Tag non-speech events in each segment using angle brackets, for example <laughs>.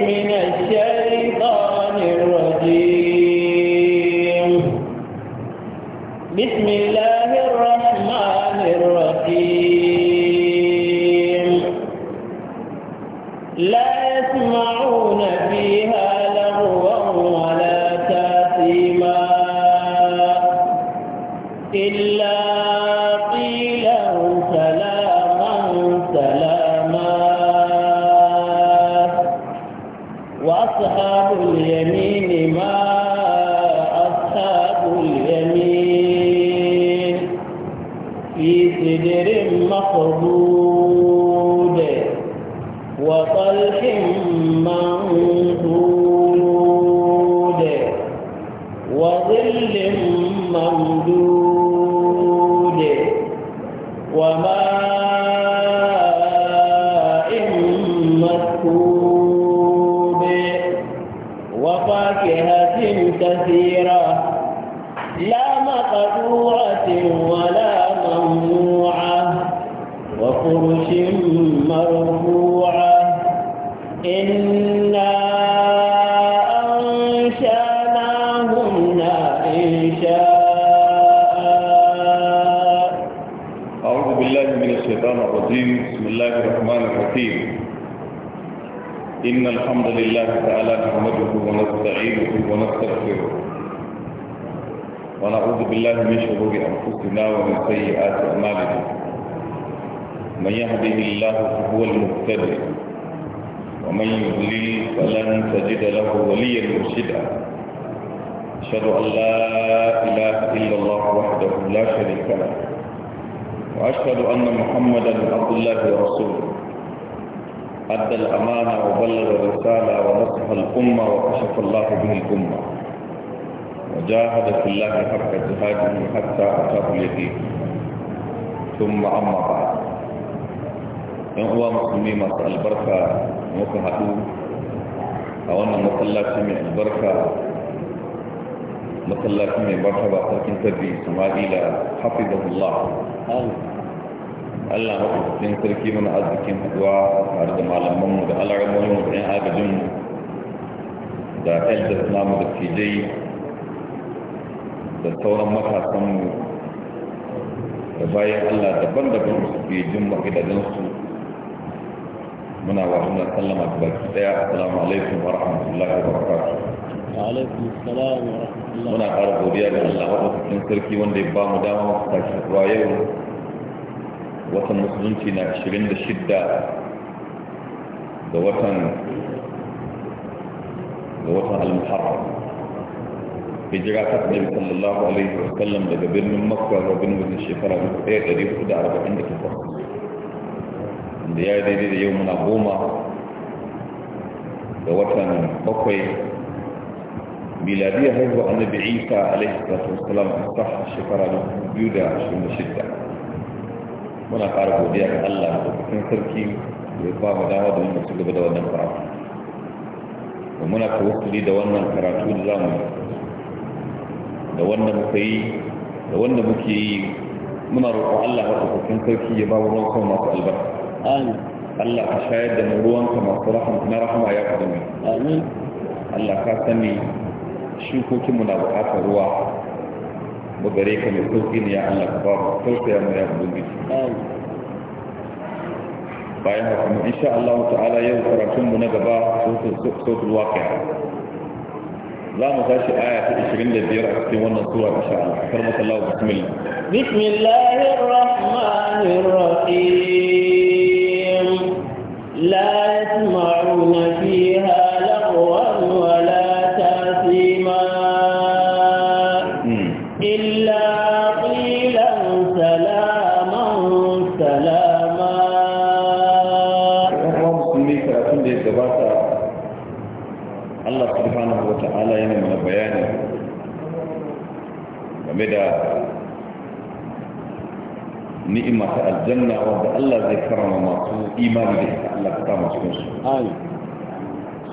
من الشيطان الرجيم الأمة وكشف الله به الأمة وجاهد في الله حق جهاده حتى أتاه اليقين ثم أما بعد إن هو مسلمين البركة مكهدون أو أن مسلاتي من البركة مسلاتي من بركة بأساكين تبي إسماعيل حفظه الله Allah mafi cikin sarki mana arzikin haduwa tare da malamanmu da alaramanmu da 'yan agajinmu da elders namu da tijai da sauran makasanmu da bayan allah daban-daban su ke jin magidajensu muna wa sallama da baki daya assalamu alaikum wa rahmatullahi wa barakatuh muna ƙara godiya da allah cikin sarki wanda ya ba mu dama masu tashi ruwa yau watan musulunci na 26 da watan watan al-muharram hijira ta annabi sallallahu alaihi wa sallam daga birnin makka zuwa birnin shekara 1448 da ya yi daidai da yau muna goma da watan bakwai miladiyar haihuwa annabi isa alaihi wasallam a sahar shekara 2026 muna fara godiya ga allah da sarki da ya ba mu dama domin su gaba da wannan fara da muna tawassuli da wannan karatu da zamu da wanda muka yi da wanda muke yi muna roƙo Allah ya madaukakin sarki ya ba mu ruwan masu albarka amin Allah ka shayar da mu ruwan ka masu rahama na rahama ya kudu mu amin Allah ka sani shukokin mu na buƙatar ruwa mu gare ka mai sauki ne ya Allah ka ba mu sauki ya mu ya ubangiji amin bayan haka mu insha Allah ta'ala yau karatun mu na gaba sautul waqi'a za mu tashi aya ta 25 a cikin wannan sura insha Allah karma sallahu bismillah bismillahir rahmanir rahim la aljanna wanda Allah zai karama masu imani da ita Allah ta kama cikin su amin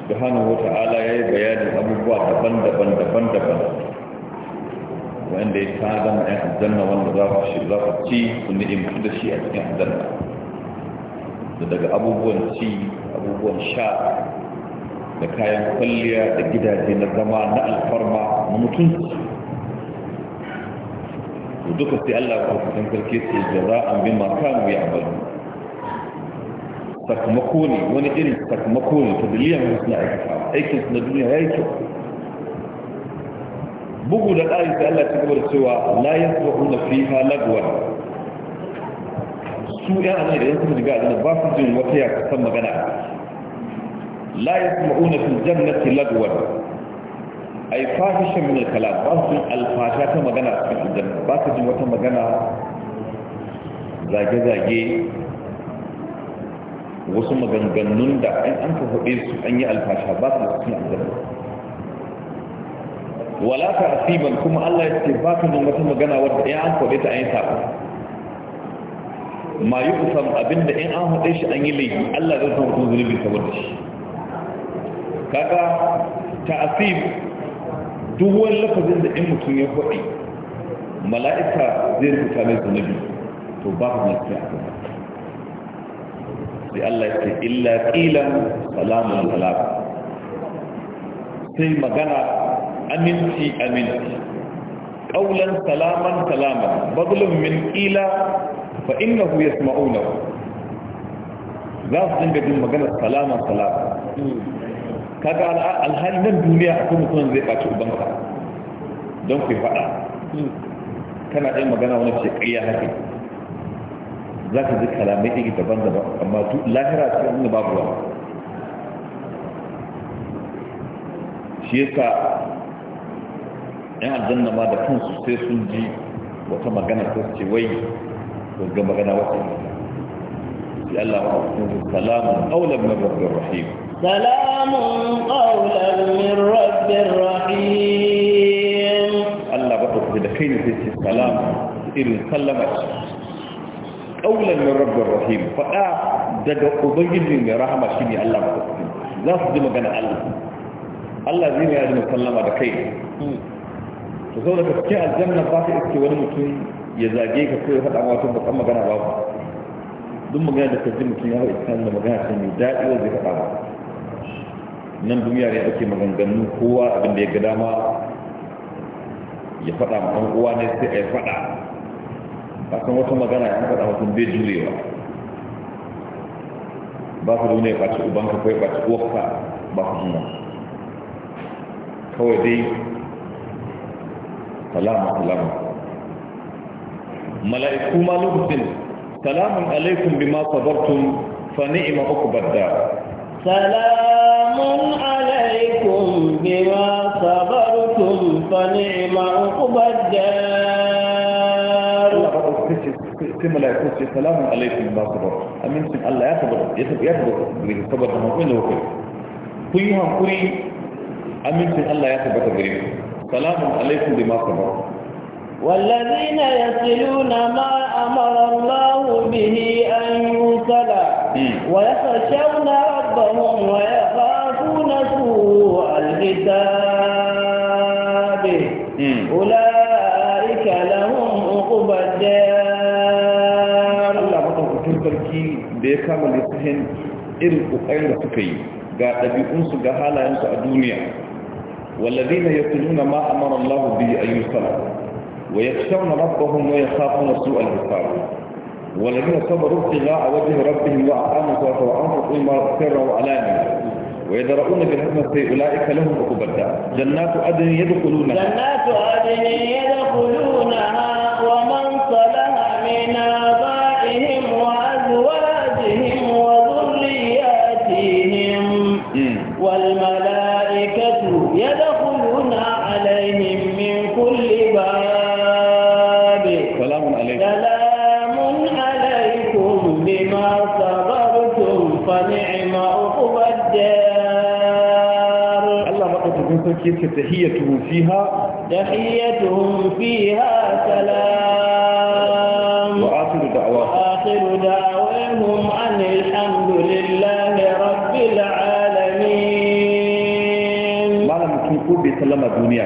subhanahu wa ta'ala yayi bayani abubuwa daban-daban daban-daban wanda ya tada na ɗan aljanna wanda za ku shi za ku ci ku ni'imtu da shi a cikin aljanna da daga abubuwan ci abubuwan sha da kayan kwalliya da gidaje na zama na alfarma na mutunci duka sai Allah ko kusan sarki ce an bi ma kanu ya amalu sakamako ne wani irin sakamako ne ta dalilin da suna aikata aikin su na duniya ya yi kyau bugu da ƙari sai Allah ta gaba da cewa la yasbahuna fiha lagwan su yan annabi da yan suka shiga aljanna ba su jin wata ya kasan magana la yasma'una fil jannati lagwan ay fahisha min al-kalam ba su alfasha ta magana a cikin aljanna ba su jin wata magana zage-zage wasu maganganun da an an ka hudu su an yi alfasha ba su cikin aljanna wala ta asiban kuma Allah ya ce ba ka jin wata magana wanda ya an kwaɗe ta an yi sako ma yi kusan abinda in an haɗe shi an yi laifi Allah zai san mutum zunubi saboda shi kaga ta asib duk wani lafazin da in mutum ya faɗi mala'ika zai rubuta mai zunubi to ba ku masu a kuma sai Allah ya ce illa ƙilan salamun salamun sai magana aminci aminci ƙaunar salaman salaman bazulun min ƙila fa innahu ya sama'unar za su dinga jin magana salaman salamun kaga alhali nan duniya akwai mutum zai ɓaci ubanka don ku faɗa kana ɗaya magana wani ce ƙayya haka za ka ji kalamai iri daban-daban amma lahira ta nuna babu wani shi yasa yan aljanna ma da kansu sai sun ji wata magana ta ce wai ga magana wata sai Allah wa salamun qawlan min rabbir rahim سلام قولا من رب رحيم الله بطل كده في السلام إن سلمت قولا من رب رحيم فأ daga ubangijin mai rahama shi ne Allah maɗaukaki za su ji magana Allah Allah zai ne ya ji musallama da kai to sau da cikin aljanna ba iske wani mutum ya zage ka ko ya faɗa ma wata bakan magana ba duk magana da ka ji mutum ya magana mai daɗi wanda faɗa ba nan duniya ne ake maganganu kowa abin da ya ga dama ya fada ma ɗan uwa ne sai a yi fada ba san wata magana ya fada mutum bai jurewa ba su duniya ba ci ubanka kai ba ci uwarka ba su juna kawai dai salama salama mala'iku ma lokacin salamun alaikum ma sabartum fa ni'ma uku bada. salam سلام عليكم بما صبرتم فنعم عقبى الدار كما لا يكون سلام عليكم بما صبرتم أمين سم الله يصبر يصبر يصبر كما كنا وكل كيها كري أمين سم الله يصبر كبير سلام عليكم بما صبرتم والذين يصلون ما أمر الله به أن يوصل ويخشون ربهم ويخافون تتلقوا عن كتابه أولئك لهم عقبى irin ƙoƙarin da suka yi ga ɗabi'unsu ga halayensu a duniya wallazi na yasu nuna ma a mara Allah a yusuf wa ya shan rabbahun wa ya safu na a wajen rabbihim wa a amusa wa an ma ويدرؤون في الحكمة أولئك لهم عقبى الدار جنات عدن يدخلونها جنات عدن يدخلونها كيف تحيتهم فيها تحيتهم فيها سلام وآخر دعوة وآخر دعوهم أن الحمد لله رب العالمين ما لم يكن يقول بيسلم الدنيا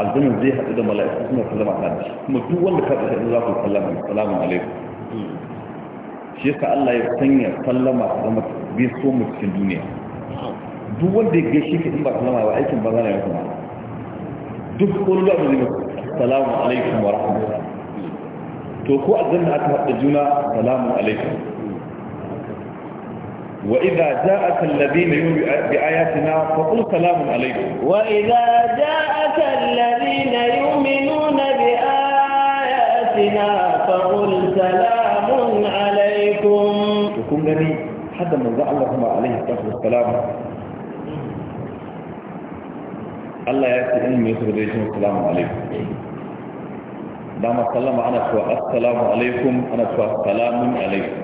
الدنيا زي حتى دم الله اسمه سلام الله ثم تقول لك هذا الله سلام السلام عليكم شيخ الله يسنى سلم الله بيسوم في الدنيا duk wanda ya gaishe ka in ba sallama ba aikin ba zana ya kuma duk wani da abu zai salamu alaikum wa rahmatullah to ko azan da aka haɗa juna salamu alaikum وإذا جاءك الذين يؤمنون بآياتنا فقل سلام عليكم وإذا جاءك الذين يؤمنون بآياتنا فقل سلام عليكم وكم لني حتى من ذا الله عليه الصلاة والسلام الله يأتي إن ميسر ديشن السلام عليكم دعم السلام أنا شواء السلام عليكم أنا شواء السلام عليكم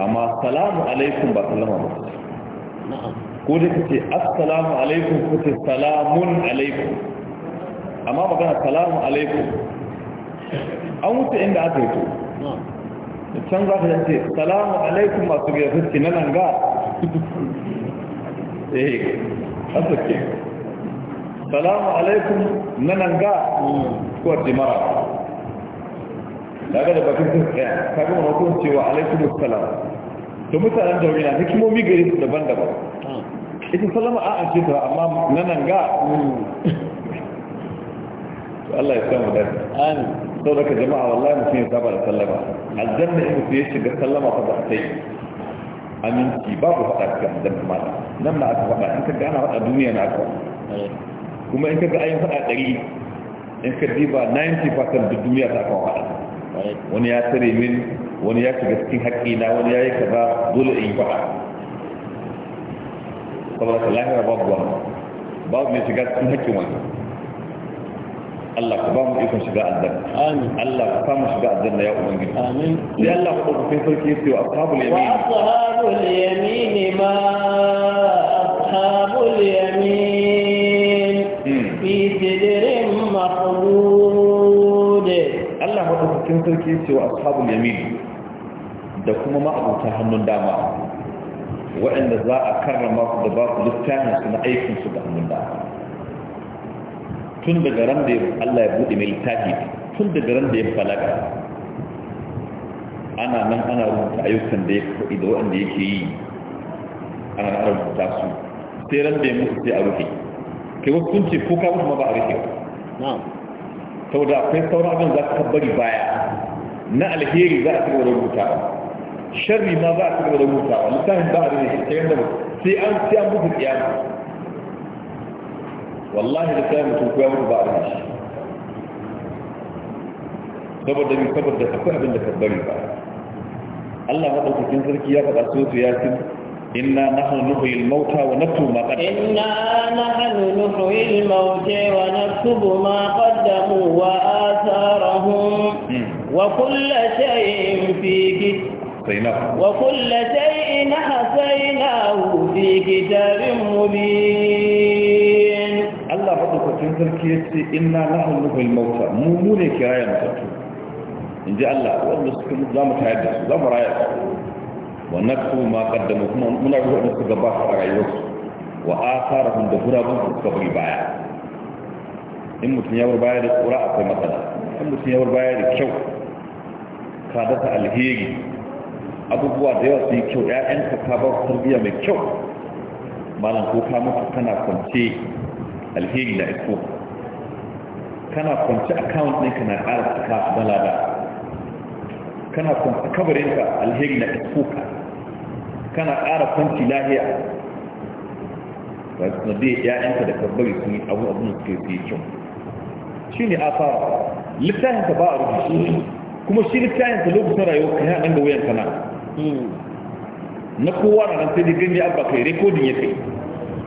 أما السلام عليكم بأسلام عليكم قولت السلام عليكم قلت السلام عليكم أما بقنا السلام عليكم أو أنت عند أتيت كان ذاك أنت السلام عليكم ما تقول فتك ننقى إيه أتكي salamu alaikum na nan ga kuwar jimara daga da bakin sun tsaya kaga wani kun cewa alaikum salam to mutanen da wani na hikimomi gari su daban-daban ita salama a an ta amma na nan ga Allah ya samu dace amin sau daga jama'a wallahi mutum ya saba da sallama aljanna in mutum ya shiga sallama ta ba sai aminci babu faɗa cikin aljanna mata nan na aka faɗa in ka gana faɗa duniya na aka faɗa kuma in ka ga ayyuka a ɗari in ka diba 90% da duniya ta kawo haɗa wani ya tare min wani ya shiga cikin haƙƙina wani ya yi kaza dole in faɗa saboda ka lahira babu wani babu mai shiga cikin haƙƙin wani Allah ka ba mu ikon shiga aljanna amin Allah ka ba mu shiga aljanna ya ubangiji amin sai Allah ku dauka sarki yace wa ashabul yamin wa ashabul yamin ma ashabul yamin madaukakin sarki cewa ashabul yamin da kuma ma'abuta hannun dama waɗanda za a karrama su da ba su littafin su na aikin su da hannun dama tun daga ran da Allah ya buɗe mai littafi tun daga ran da ya balaga ana nan ana rubuta ayyukan da ya faɗi da waɗanda yake yi ana nan rubuta su sai ran da ya mutu sai a rufe kai wasu kun ce ko ka mutu ma ba a rufe ba Sau da akwai sauran abin za ka bari baya na alheri za a cigaba da rubutawa sharri ma za a cigaba da rubutawa littafin ba a rubin shi ta yadda sai an sai an buga kiyama wallahi da kayan mutum koya mutu ba a rubin shi saboda ni saboda akwai abin da ka bari ba Allah ma maɗaukakin sarki ya faɗa so su ya inna nahnu nuhyil mauta wa naktubu ma qaddamu inna nahnu nuhyil mauta wa naktubu ma qaddamu wa atharahum wa kullu shay'in fi kitabin wa kullu shay'in hasaynahu fi kitabin mubin Allah fa ku tun sarki yace inna nahnu nuhyil mauta mu mu ne kiyayen mutum Allah wanda suka mutu za mu tayar da su za mu rayar wa naktubu ma qaddamu kuma muna rubuta da suka gabata a rayuwarsu wa atharahum da gurabun su suka bari baya in mutum ya baya da tsura akwai matsala in mutum ya baya da kyau ka dasa alheri abubuwa da yawa su yi kyau ƴaƴanka ka ba su tarbiyya mai kyau malam ko ka mutu kana kwance alheri na iko kana kwance account ɗinka na ƙara tsaka balada kana kwance kabarinka alheri na iko ka kana ƙara kwanci lahiya ba su na dai da kabbari sun yi abu abu da suke yi kyau shi ne a fara littafin ba a rubutu kuma shi littafin ka lokacin rayuwa ka a ɗan ga wuyan kana na kowa na nan sai dai gani abba kai rekodin ya kai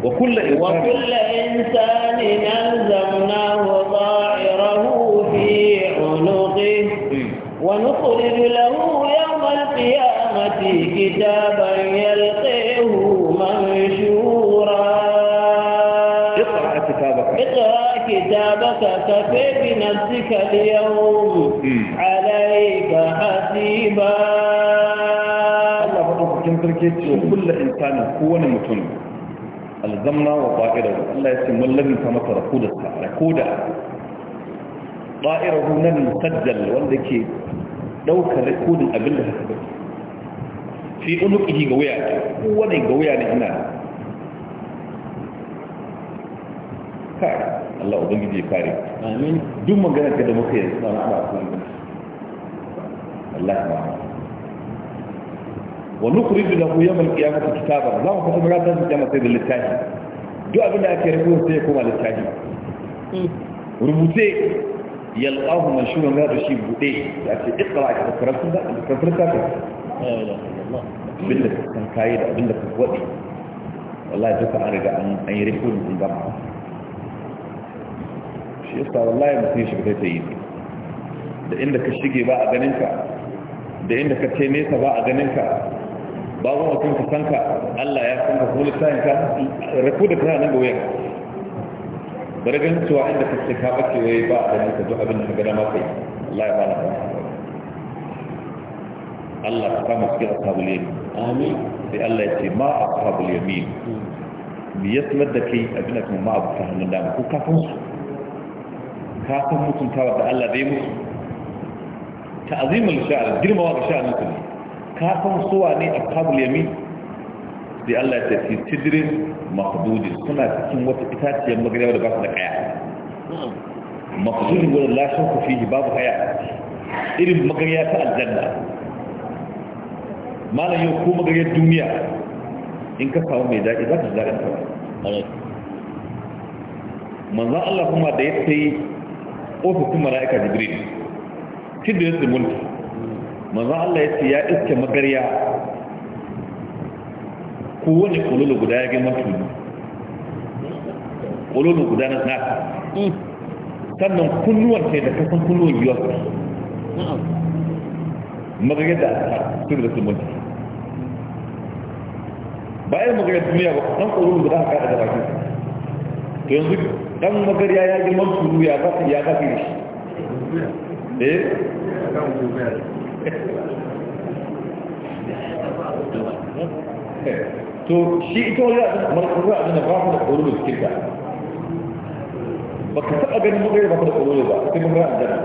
wa kulla insani alzamnahu ta'irahu fi unuqi hmm. wa nukhrij lahu yawma al-qiyamah القيامة كتابا يلقيه منشورا اقرأ كتابك اقرأ كتابك كفي بنفسك اليوم عليك حسيبا الله أكبر تركيت كل إنسان هو متن الزمنا وطائره الله يسمى الذي كمت ركودة ركودة طائره نن مسجل وانك ɗaukar rikodin abin da suka bari fi ulukihi ga wuya kowane ga wuya ne ina Ka Allah ubangiji ya kare amin duk magana ka da muka yi sana ba ku Allah ya ma wa nukhrij lahu yawm al-qiyamati kitaban za mu fata rata da jama'a sai da littafi duk abin da ake rubuta sai ya koma littafi rubuce yalqahu mashhuran da shi bude ya ce ikra ka karanta ka karanta ka abin da kan kayi da abin da ka waɗe wallahi duka an riga an yi rikodin in gama shi yasa wallahi mutum ya shiga ta yi da inda ka shige ba a ganinka da inda ka ce nesa ba a ganinka babu mutum ka san ka Allah ya san ka kuma lissahin ka da ka nan ga wuyan bari ganin cewa inda ka ce ka bace wai ba a ganinka duk abin da ka gada ma kai ya ba na ba الله تقامس في أصحاب اليمين آمين في الله يتماع أصحاب اليمين يتمدك أبنك مماع بفهم الله هو كافر كافر مسلم كافر الله ذي مسلم تعظيم الشعر جل مواقع شعر مسلم كافر سواني أصحاب اليمين في الله يتفي تدر مخدود سنة سنة وتكتات يمغل يولي بعض الحياة مخدود يقول الله شوك فيه باب الحياة إذن مغرياتها الجنة malam yau ko magaryar duniya in ka samu mai daɗi za ka ji ta kawai manzan Allah kuma da ya sai ofisun mala'ika jibril cikin da ya mulki manzan Allah ya ce ya iske magarya wani kololo guda ya girma tuni kololo guda na nasa sannan kunnuwan sai da kasan kunnuwan yiwuwa magaryar da aka cikin da tsimunta bayan yi maganar duniya ba kusan tsoron da aka kada da bakin to yanzu dan magariya ya girma suru ya za ya za ka shi eh to shi ita wani markaru a zana ba ku da tsoron da suke ta ba ka taɓa ganin magariya ba ku da tsoron ba sai magariya a zana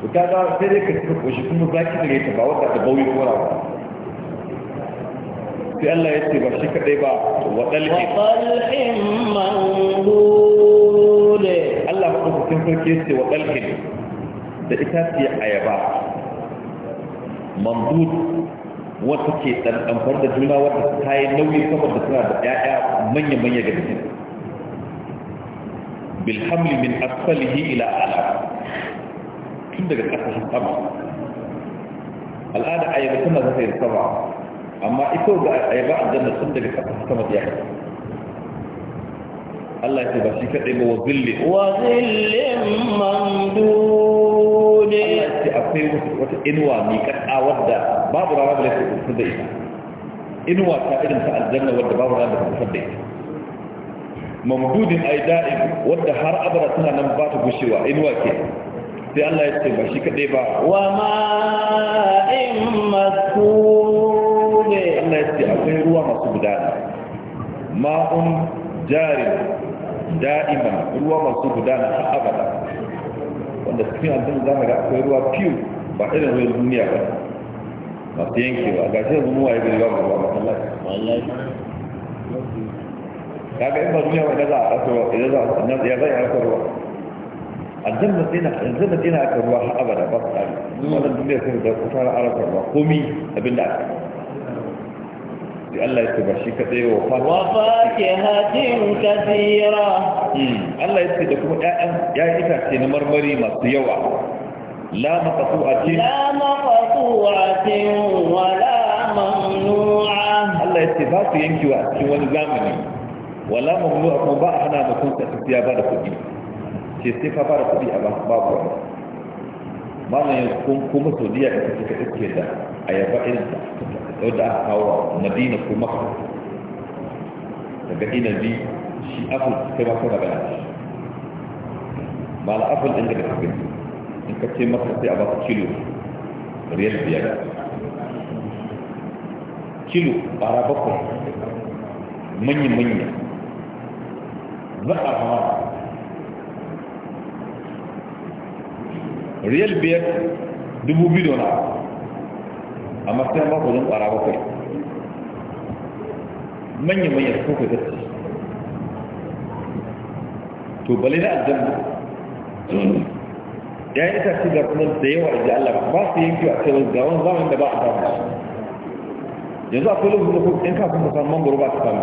to ta za sai dai ka tafi shi kuma zaki da ya taɓa wata da bauyi ko rawa sai Allah ya ce ba shi kadai ba wa dalhi wa dalhin mandur Allah ko cikin sarki ya ce wa dalhin da ita ce ayaba mandur wata ke ɗanɗanfar da juna wata ta yi nauyi saboda suna da ƴaƴa manya-manya ga jikin bilhamli min asfalihi ila ala tun daga ƙasashen sama al'ada ayyaba tana zata yi sama amma ito ga ayaba aljanna sun daga kasa sama ya Allah ya ce ba shi kadai ba wa zilli wa zilli mamdud Allah ya ce akwai wata inuwa mai kada wadda babu rawa da lafiya kusa da ita inuwa ta irin ta aljanna wadda babu rawa da kusa da ita mamdudin ai da'im wadda har abara tana nan ba ta gushewa inuwa ke sai Allah ya ce ba shi kadai ba wa ma'in maskur ne Allah ya akwai ruwa masu gudana ma'un jari da'iman ruwa masu gudana a abada wanda cikin addini za mu ga akwai ruwa fiye ba irin ruwan duniya ba masu yankewa ga shi yanzu muwaye gari ba ruwa ba wallahi kaga in ba duniya ba za a kasuwa idan za a nan ya zai aka ruwa aljanna tsina aljanna tsina aka ruwa har abada ba su tsari mm. wannan duniya sai da kusa araba ruwa komi abinda aka da Allah ya ce ba shi kaɗai wa fa wa fakihatin kathira hmm. Allah ya ce da kuma ƴaƴan ƴaƴan itace na marmari masu yawa la maqtu'atin la maqtu'atin wa la mamnu'a Allah ya ce ba su yankewa a cikin wani zamani wala mamnu'a kuma ba a hana mutum ta tafiya ba da kuɗi ce sai fa ba da kuɗi a babu wani malam yanzu kun kuma saudiya da kuka iske da ayaba irin ta da aka kawo madina ko maka daga bi shi apple kai ba kuma gana shi ba la apple ɗin daga kafin in ka ce maka sai a baka kilo riyal biyar kilo ba ra bakwai manya-manya za a fara Real biyar dubu biyu na amma sai ba kudin ƙwara bakwai manya-manya ko ku tattace to bale na aljanna ya yi itace ga kuma da yawa da Allah ba su yanki a cewa ga wani zamanin da ba a samu yanzu a lokacin da kuma in kafin ka samu mangoro ba ka samu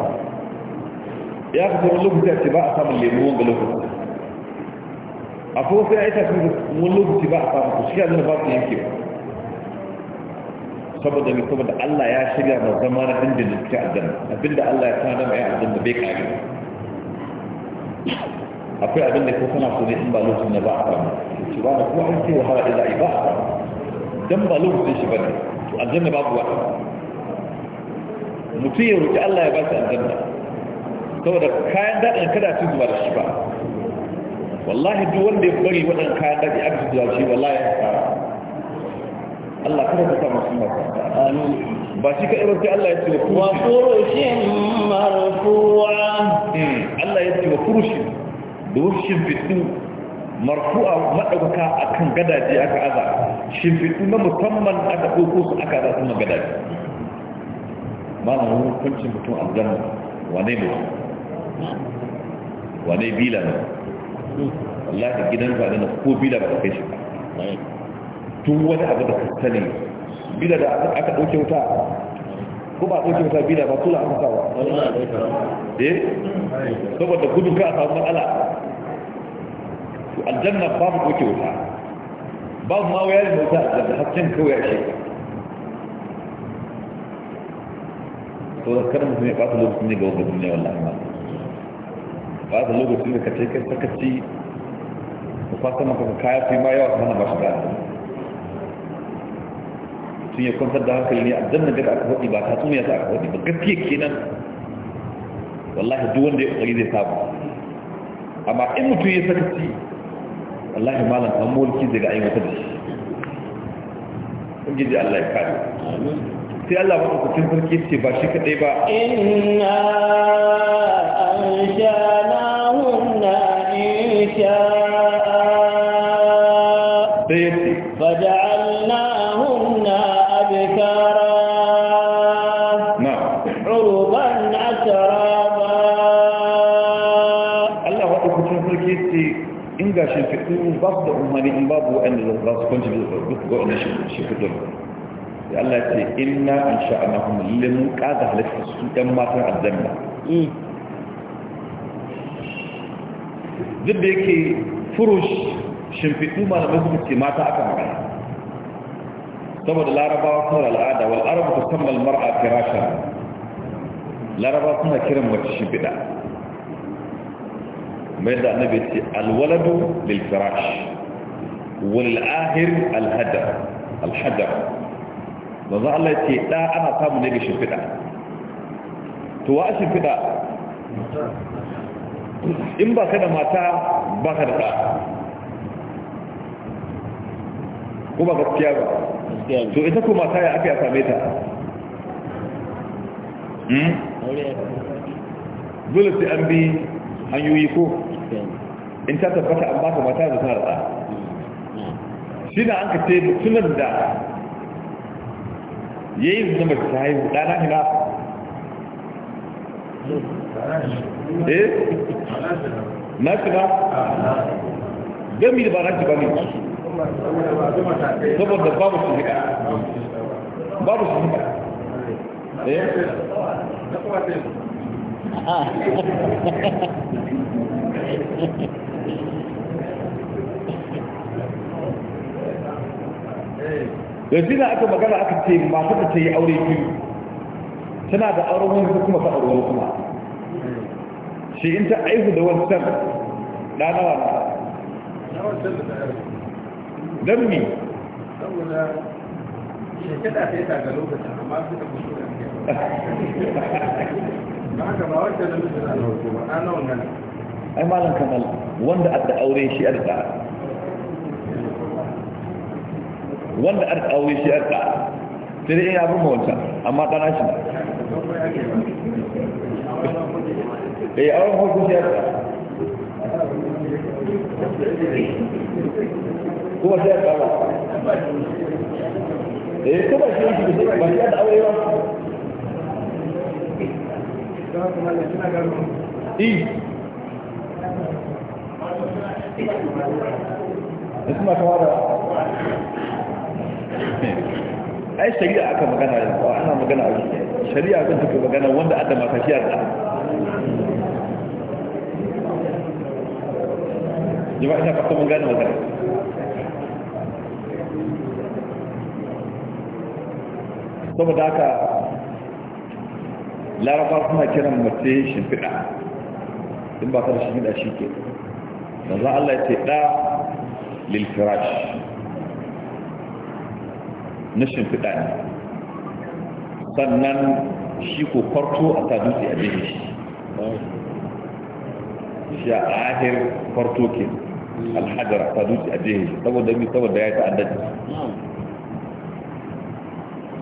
ya fi kuma lokacin ce ba a samun lemuwan wanga lokacin a kuma sai a yi tafi wani lokaci ba a samu ku shiga zuna ba su yanke ba saboda mai saboda Allah ya shirya ma zama na ɗin da nufi aljanna abinda Allah ya tana mai aljanna bai kare akwai abinda ko kana so ne in ba lokacin da ba a samu shi ba na kuma an ce wahala da za a yi ba a samu dan ba lokacin shi ba ne to aljanna ba wa mutum ya roƙi Allah ya ba shi aljanna saboda kayan daɗin kada su zuwa da shi ba wallahi duk wanda ya bari wadan kayan daji aka zuwa shi wallahi ya fara Allah kada ka samu su maka amin ba shi ka irin sai Allah ya ce wa furushin marfuwa. Hmm. Allah ya ce wa furushin da furushin fitu marfu'a madaukaka akan gadaje aka aza shimfiɗu na musamman aka ɗauko su aka aza suna gadaje malamin hukuncin mutum aljanna wane mutum wane bila mutum wallahi gidan ba na ko bila ba ka kai shi tun wani abu da kastane bila da aka ɗauke wuta ko ba ɗauke wuta bila ba tula aka sawa eh saboda gudun ka a samu matsala aljanna ba mu ɗauke wuta ba mu ma wayar da wuta da hasken kawai a shi to da kada mutum ya ɓata lokacin ne ga wanda duniya wallahi ma ba da lokacin da ka ce kai sakaci da fasa maka ka kaya fi ma yawa kana ba shi gane tun ya kwantar da hankali ne a jannan gada aka faɗi ba ta ya sa aka faɗi ba gaske kenan wallahi duk wanda ya ƙwari zai samu amma in mutum ya sakaci wallahi malam an mulki daga aiwatar da shi ubangiji Allah ya kare sai Allah ba ku cin sarki ce ba shi kadai ba inna ansha'nahunna insha. sai yace faja'alnahunna abkara na uruban atraba Allah ba ku cin sarki ce in ga shi fitu ba da umarni in babu wanda za su kwanci da su ga wannan shi fitu da Allah ce inna an sha'anahum lil mun kaza halitta su dan matan aljanna duk da yake furush shimfidu malamai suka ce mata aka magana saboda larabawa suna al'ada wal arabu tusammal mar'a firashan larabawa suna kiran wata shimfida mai da annabi ce alwaladu lil firash wal ahir al hadar al hadar manzon Allah ce da ana samu ne da shimfiɗa to wa shimfiɗa in ba ka da mata ba ka da ɗa ko ba gaskiya ba to ita ko mata ya ake a same ta hmm? dole sai an bi hanyoyi ko in ta tabbata an ba ka mata da ta da ɗa hmm. shi da an ka ce mutumin da ya yi zama ta haihu ɗana hina eh na kina gami da ba na ba ne saboda babu su hika babu su hika eh <laughs> <laughs> yanzu da aka magana aka ce masu ta ce yi aure biyu tana da auren wani kuma ta auren kuma shi in ta aihu da wancan ɗanawa na don mi saboda shekada ta yi ta ga lokacin amma suka fi shi da haka ba wacce da mutu da alwarko ba ɗanawa nan ai malam kamal wanda adda aure shi adda wanda a aure shi arka sai dai ina bin mawanta amma ɗana shi da eh, ya auren hukun shi arka kuma sai arka ba da ya kuma shi yanki eh, shi ba shi da aure ba i eh. Isma kawara ai shari'a aka magana yanzu ana magana a shari'a kan take magana wanda aka mata shi yarda jama'a ina fata mun gane magana saboda haka laraba suna kiran mace shimfiɗa in ba ta da shimfiɗa shi ke za Allah ya ce ɗa firash na shimfiɗa ne sannan shi ko kwarto a sa dutse a jefe shi shi a ahir kwarto ke alhajar a sa dutse a jefe shi saboda mi saboda ya ta'addaci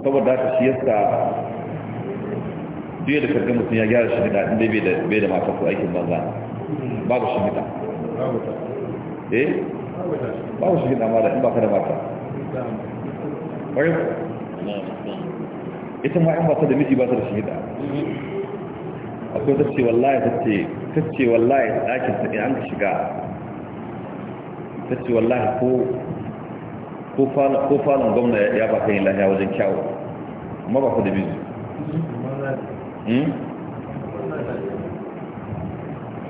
saboda ta shi yasta duk da karfin mutum ya gyara shi gida inda bai da mata ko aikin banza babu shi gida babu eh? shi gida ma da in ba ka da mata ƙwarai ita ma 'yan da miji ba ta da shahida akwai ta ce wallahi ta ce ta ce wallahi ta ɗakin ta ɗin an ka shiga ta ce wallahi ko falon gwamna ya ba ta yin lahiya wajen kyawu amma ba ku da miji hmm?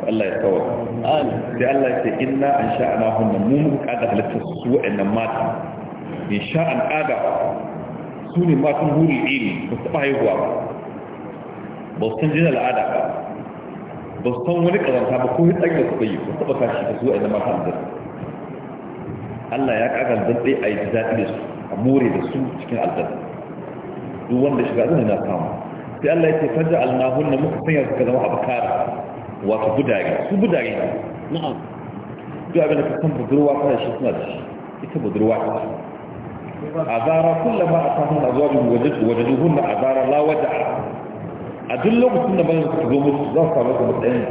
Allah ya kawo sai Allah ya ce ina an sha'ana hunan mummuka da halittar su wa'annan mata bai sha an ada su ne matan huri iri ba su taɓa haihuwa ba ba su san jin al'ada ba ba su san wani ƙazanta ba ko hitsari da suka yi ba su taɓa tashi da su a ina matan da Allah ya ƙagar zan ɗai a yi daɗi da su a more da su cikin aljanna duk wanda shiga zai na samu sai Allah ya ce fajr alnahun na muka sanya suka zama abkara wato budare su budare na'am duk abin da ka san budurwa kana shi suna da shi ita budurwa ta azara kullama atahun azwajun wajaduhunna azara la wada'a a duk lokacin da bayan su zo musu za su samu kuma ɗayan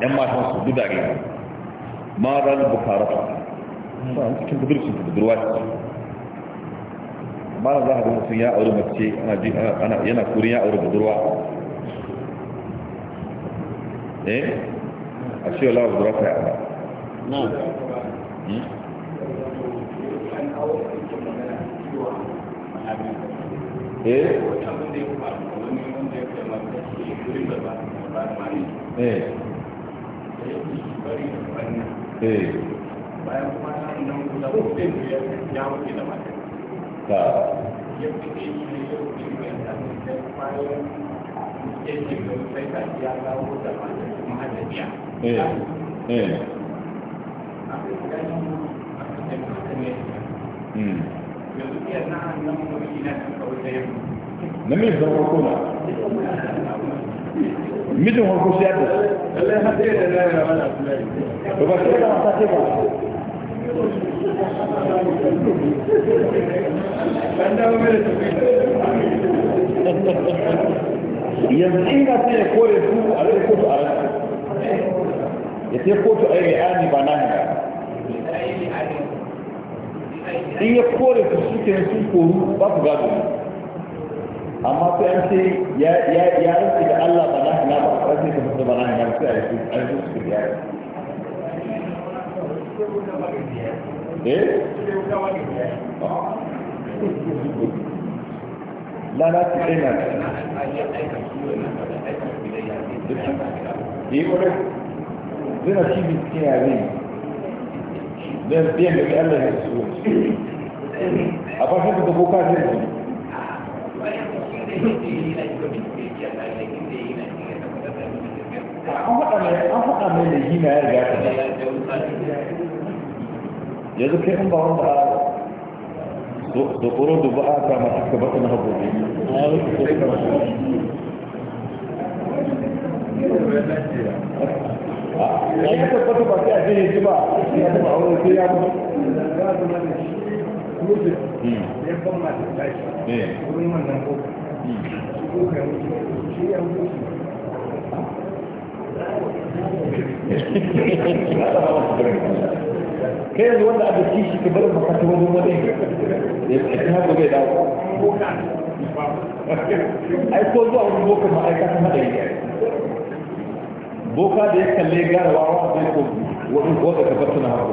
ɗan matan su duk da ma za su bukara su ba a cikin budurcin su budurwa ce ma za a mutum ya auri mace yana ya auri budurwa eh eh eh bayan eh. kwana hmm. na mijin farko na mijin farko shi yadda ba shi da wata ce ba yanzu ina kore su a kotu a rai ya sai kotu a ba na hanyar in ya kore su su ke sun koru ba ku gado amma sai an ce ya ya ya da Allah ba na hina ba a rantsi da ba na hina ba a yi su a yi su eh? Eh, ya eh la la ci dina yi ko dai zina shi bi cikin yare dan biyan da Allah ya su a ba haka da boka ne an faɗa mai an faɗa mai da hina ya riga ta yanzu kai an ba wanda a da ba a samu aka ba na haɓo ne a ya ka tabbata ba sai a je ji ba ya ya kai yanzu wanda aka ci shi ka bar makata wani wani ya ci ai ko zuwa wani bokan ma'aikata boka da ya kalle gara wa wa zai ko wani wata ka fassana hako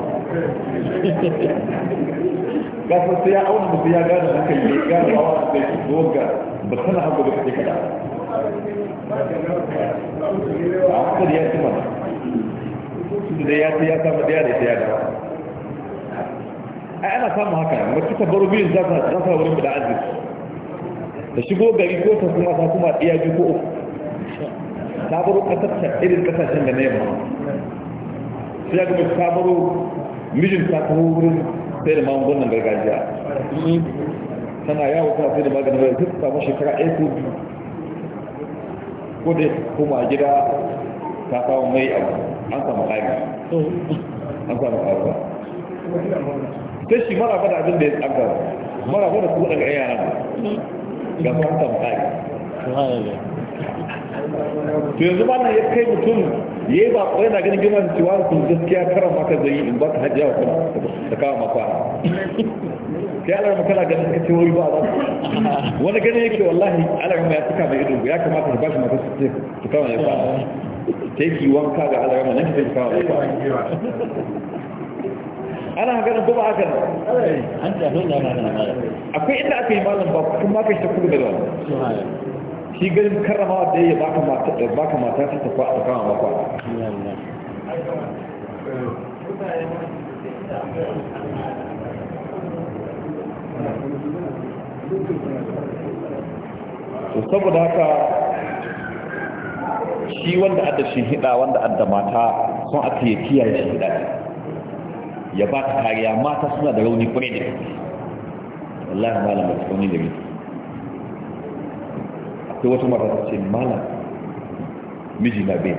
gasar sai ya auna mutu ya gane na kalle gara wa wa zai ko ga ba sana hako da kake kada a haka da ya ci mana da ya ce ya kama da ya da ya gara ai ana samun haka mace ta baro biyun za ta wurin da arziki ta shigo gari ko ta kuma ta kuma ɗiya biyu ko uku ta baro irin kasashen da na yamma sai ya gaba ta mijin ta sai da magungunan gargajiya tana yawon tana sai da maganin wani duk samun shekara a ko biyu ko da kuma gida ta samu mai abu an samu ƙari an samu ƙari ta shi mara bada abin da ya tsaka mara bada su waɗanda ƴan yaran ga an samu ƙari to yanzu ma ya kai mutum ya yi bakwai yana ganin girma da cewa kun gaskiya karan maka zai yi in ba ka hajiya wa kuma da kawo maka sai ala rama kana ganin ka ce wai ba ba wani ganin yake wallahi ala rama ya suka mai ido ya kamata ka bashi maka su su kawo mai ba ta yi wanka ga ala rama nan ka zai kawo mai ba ana haganin ko ba haka akwai inda aka yi malam ba kuma ma ka shi ta kudu da wani shi ganin karramawa da ya baka mata da baka mata ta tafa ta kama maka to saboda haka shi wanda adda shi hida wanda adda mata sun aka yi kiyaye shi hida ya ba ta kariya mata suna da rauni kwarai ne wallahi malam ba da gaske sai wata mata ta ce malam miji na bai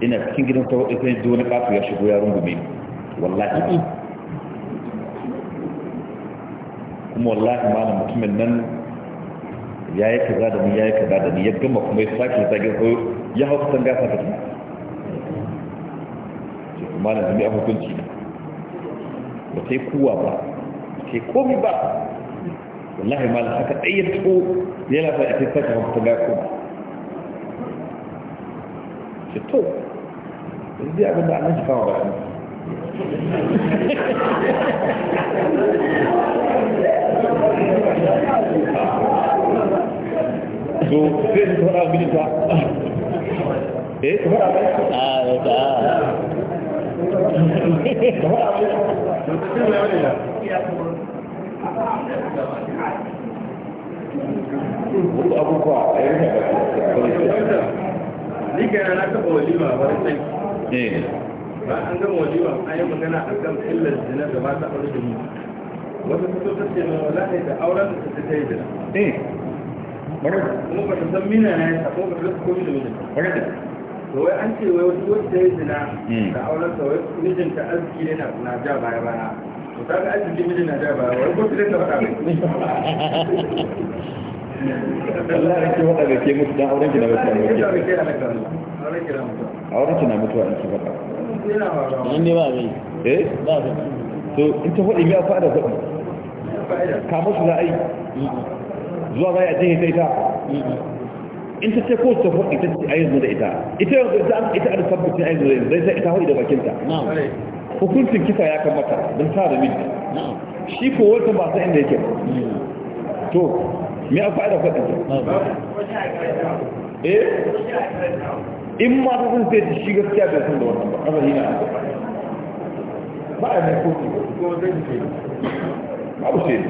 ina cikin gidan ta wadda sai ji wani ƙafu ya shigo ya gumi wallahi kuma wallahi malam mutumin nan ya yi kaza da ni ya yi kaza da ni ya gama kuma ya sake zagin koyo ya hau kusan gasa da ni ce kuma na zami a hukunci na ba sai kuwa ba ba sai komi ba والله ما لها أكد أي حقوق يلا فأتفتهم تباكم شطوب إذا أبدا عن نجفة وبعد شو فين تهرى بنيتا إيه تهرى بنيتا آه بنيتا تهرى بنيتا تهرى بنيتا wasu abubuwa a yi ni ga yana taɓa walima ba sai eh. ba an gama walima an yi magana a kan illar zina da ba ta aure da mu wata fito ta ce mai wala ne da auren da ta ta yi zina eh. kuma ba ta san mina na yi ta ko ba ta rasa komi da mijin to wai an ce wai wata wata ta yi zina hmm. da auren ta, wai mijinta arziki ne na ja baya bana. to kaga na da ba ke wada da na mutuwa ne ke faɗa ne ba bai eh to in ta faɗi me ya faɗi kamar su za yi zuwa za a jihe ta ita in ta ce ko ta faɗi ta ce a yanzu da ita ita yanzu ita an ita an tabbata a yanzu da ita ita faɗi da bakinta hukuncin kisa ya kamata don ta da miji shi ko wata ba san inda yake to me a fa'ida ke eh in ma ta sun sai shi gaskiya bai sun da wannan ba kamar yana an ba a mai kotu ba ba shi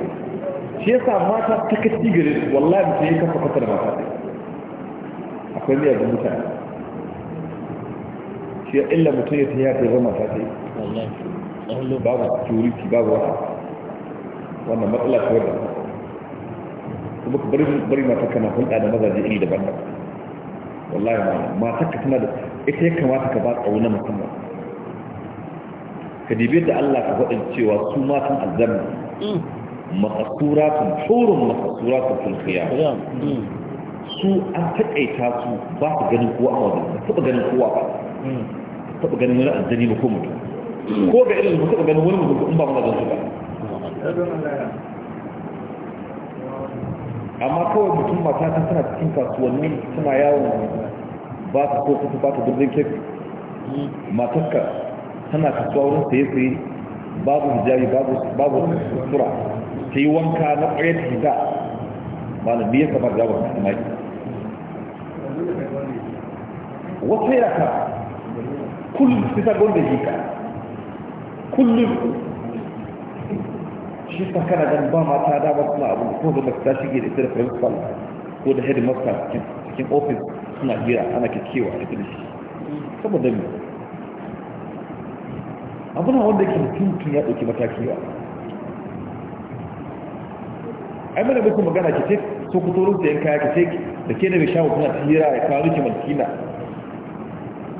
shi sa mata ta kaci gare wallahi mutum ya kafa kasa da mata akwai ne da mutane shi illa mutum ya tafiya ta zama ta babu turiki babu wata wannan matsala ce wadda kuma ka bari bari mata kana hulɗa da mazaje iri daban daban wallahi ma mata ka tana da ita ya kamata ka ba tsawo na musamman ka dibe da Allah ka faɗin cewa su matan aljanna makasuratun shurun makasuratun tulkiya su an taƙaita su ba su ganin kowa a wajen ba taɓa ganin kowa ba taɓa ganin wani aljani ba ko mutum ko ga irin ba taɓa ganin wani mutum in ba mana don ba amma kawai mutum mata ta tana cikin kasuwanni suna yawon ba ta so kusa ba ta birnin kek matarka tana kasuwa wurin saye-saye babu hijabi babu sutura ta yi wanka na ƙwayar ta hijab ba na biyar kamar gaba ta maki wata yaka kullum bisa gonda ka kullum shi ta kana dan ba mata da ba suna abu ko da ta shige da ita da principal ko da headmaster cikin cikin office suna gira ana kekewa da kudi saboda me abu na wanda ke tuntun ya dauki mataki ba ai mana bai magana ki ce so ku toro da yanka ya ki ce da ke da bai shawo kuna hira ya kawo ki malkina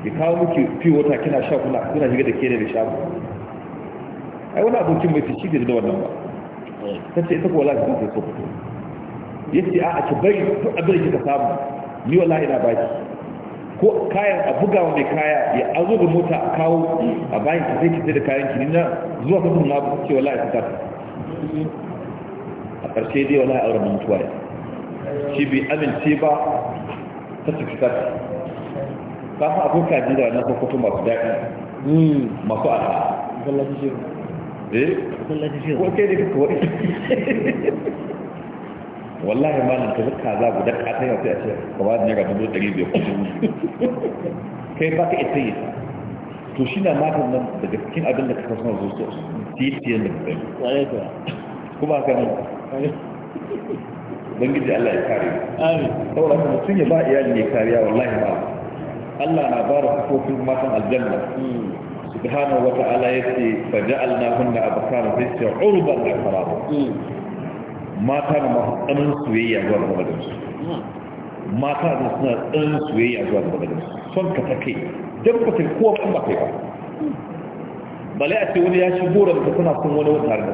ya kawo muke fi wata kina sha kuna kuna shiga da kere da sha ku ai wani abokin mai shi da wannan ba ta ce ita ko wallahi ba sai so fito yace a a ki bari to abin da kika samu ni wallahi ina baki ko kayan a buga wa mai kaya ya azo da mota a kawo a bayan ka sai ki da kayan ki na zuwa ka mun labu ce wallahi ta a ƙarshe dai wallahi auren mutuwa shi bai amince ba ta ta Ka fa akwai kaji da wannan sokoto masu daɗi hmm. masu arha eh? ko wani wallahi ma nan ka zuka za guda ka ta yafi a ce ka ba ne ga dubu ɗari biyar kuma kai ba ka ita yi to shi na matan nan daga cikin abin da ka kasuwa zuwa su titiyan da ka kai kuma ka nan bangiji Allah ya kare amin saboda mutum ya ba iyali ne kariya wallahi ma Allah na ba da kofofin matan aljanna subhanahu wata'ala yace fa ja'alna hunna abkara fi urban al-qarab mata na masu tsanin soyayya zuwa ga madan su mata da suna tsanin soyayya zuwa ga madan su son ka take dan ba kai kowa kan ba kai ba bale a ce wani ya shigo da ka tana son wani wata da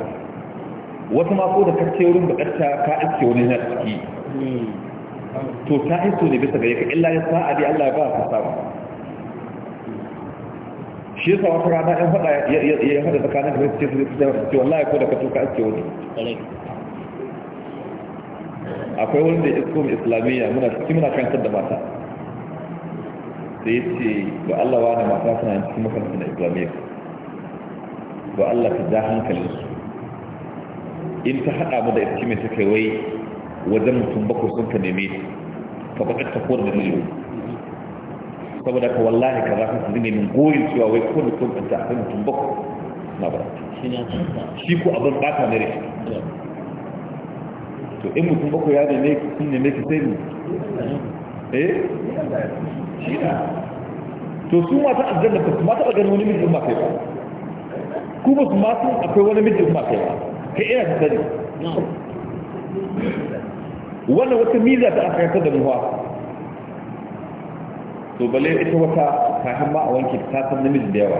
wata ma ko da kace wurin da ka ka ake wani na ciki to ta ne bisa illa ya sa'a dai Allah ya ba ka samu shi yasa wata rana ɗan faɗa ya haɗa tsakanin da su ce su ce wallahi ko da ka tuka ake wani akwai wani da isko mai islamiyya muna cikin muna kantar da mata da ya ce ga Allah wani mata suna cikin makarantar na islamiyya Ba Allah ta ja hankalinsu in ta haɗa mu da ce mai ta kai wai wajen mutum bakwai sun ka neme ka bakar ta kowar da nilo saboda ka wallahi ka zaka su nemin goyin cewa wai ko mutum ɗin ta akwai mutum bakwai na bara shi ko abin ɓata na rishi to in mutum bakwai ya neme sun neme ki sai mu eh shi na to su mata aljanna ba su mata a ganin wani mijin ba kai ba ku ba su ma sun akwai wani mijin ba kai ba kai ina ta sani wannan wata miza ta aka da ruwa to bale ita wata kafin ma a wanke ta san namiji da yawa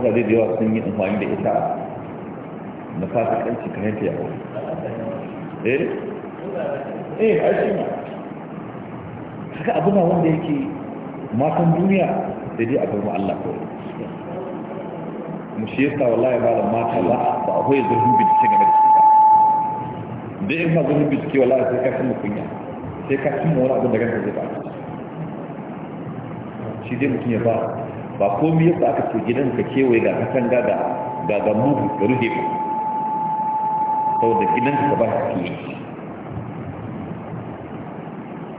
zai da yawa sun yi amfani da ita na fasikanci kan yake yawa eh eh a shi haka abu na wanda yake matan duniya da dai a bar Allah kawai mu shi yasa wallahi ba da mata ba ba akwai zurfin bincike game da da in mazu rubi suke wala sai ka cimma kunya sai ka cimma wani abin da ganta zai ba shi dai mutum ya ba ba komi yadda aka ce gidan ka kewaye ga katanga da ga ga mugu da rufe ba saboda gidan ka ba shi ke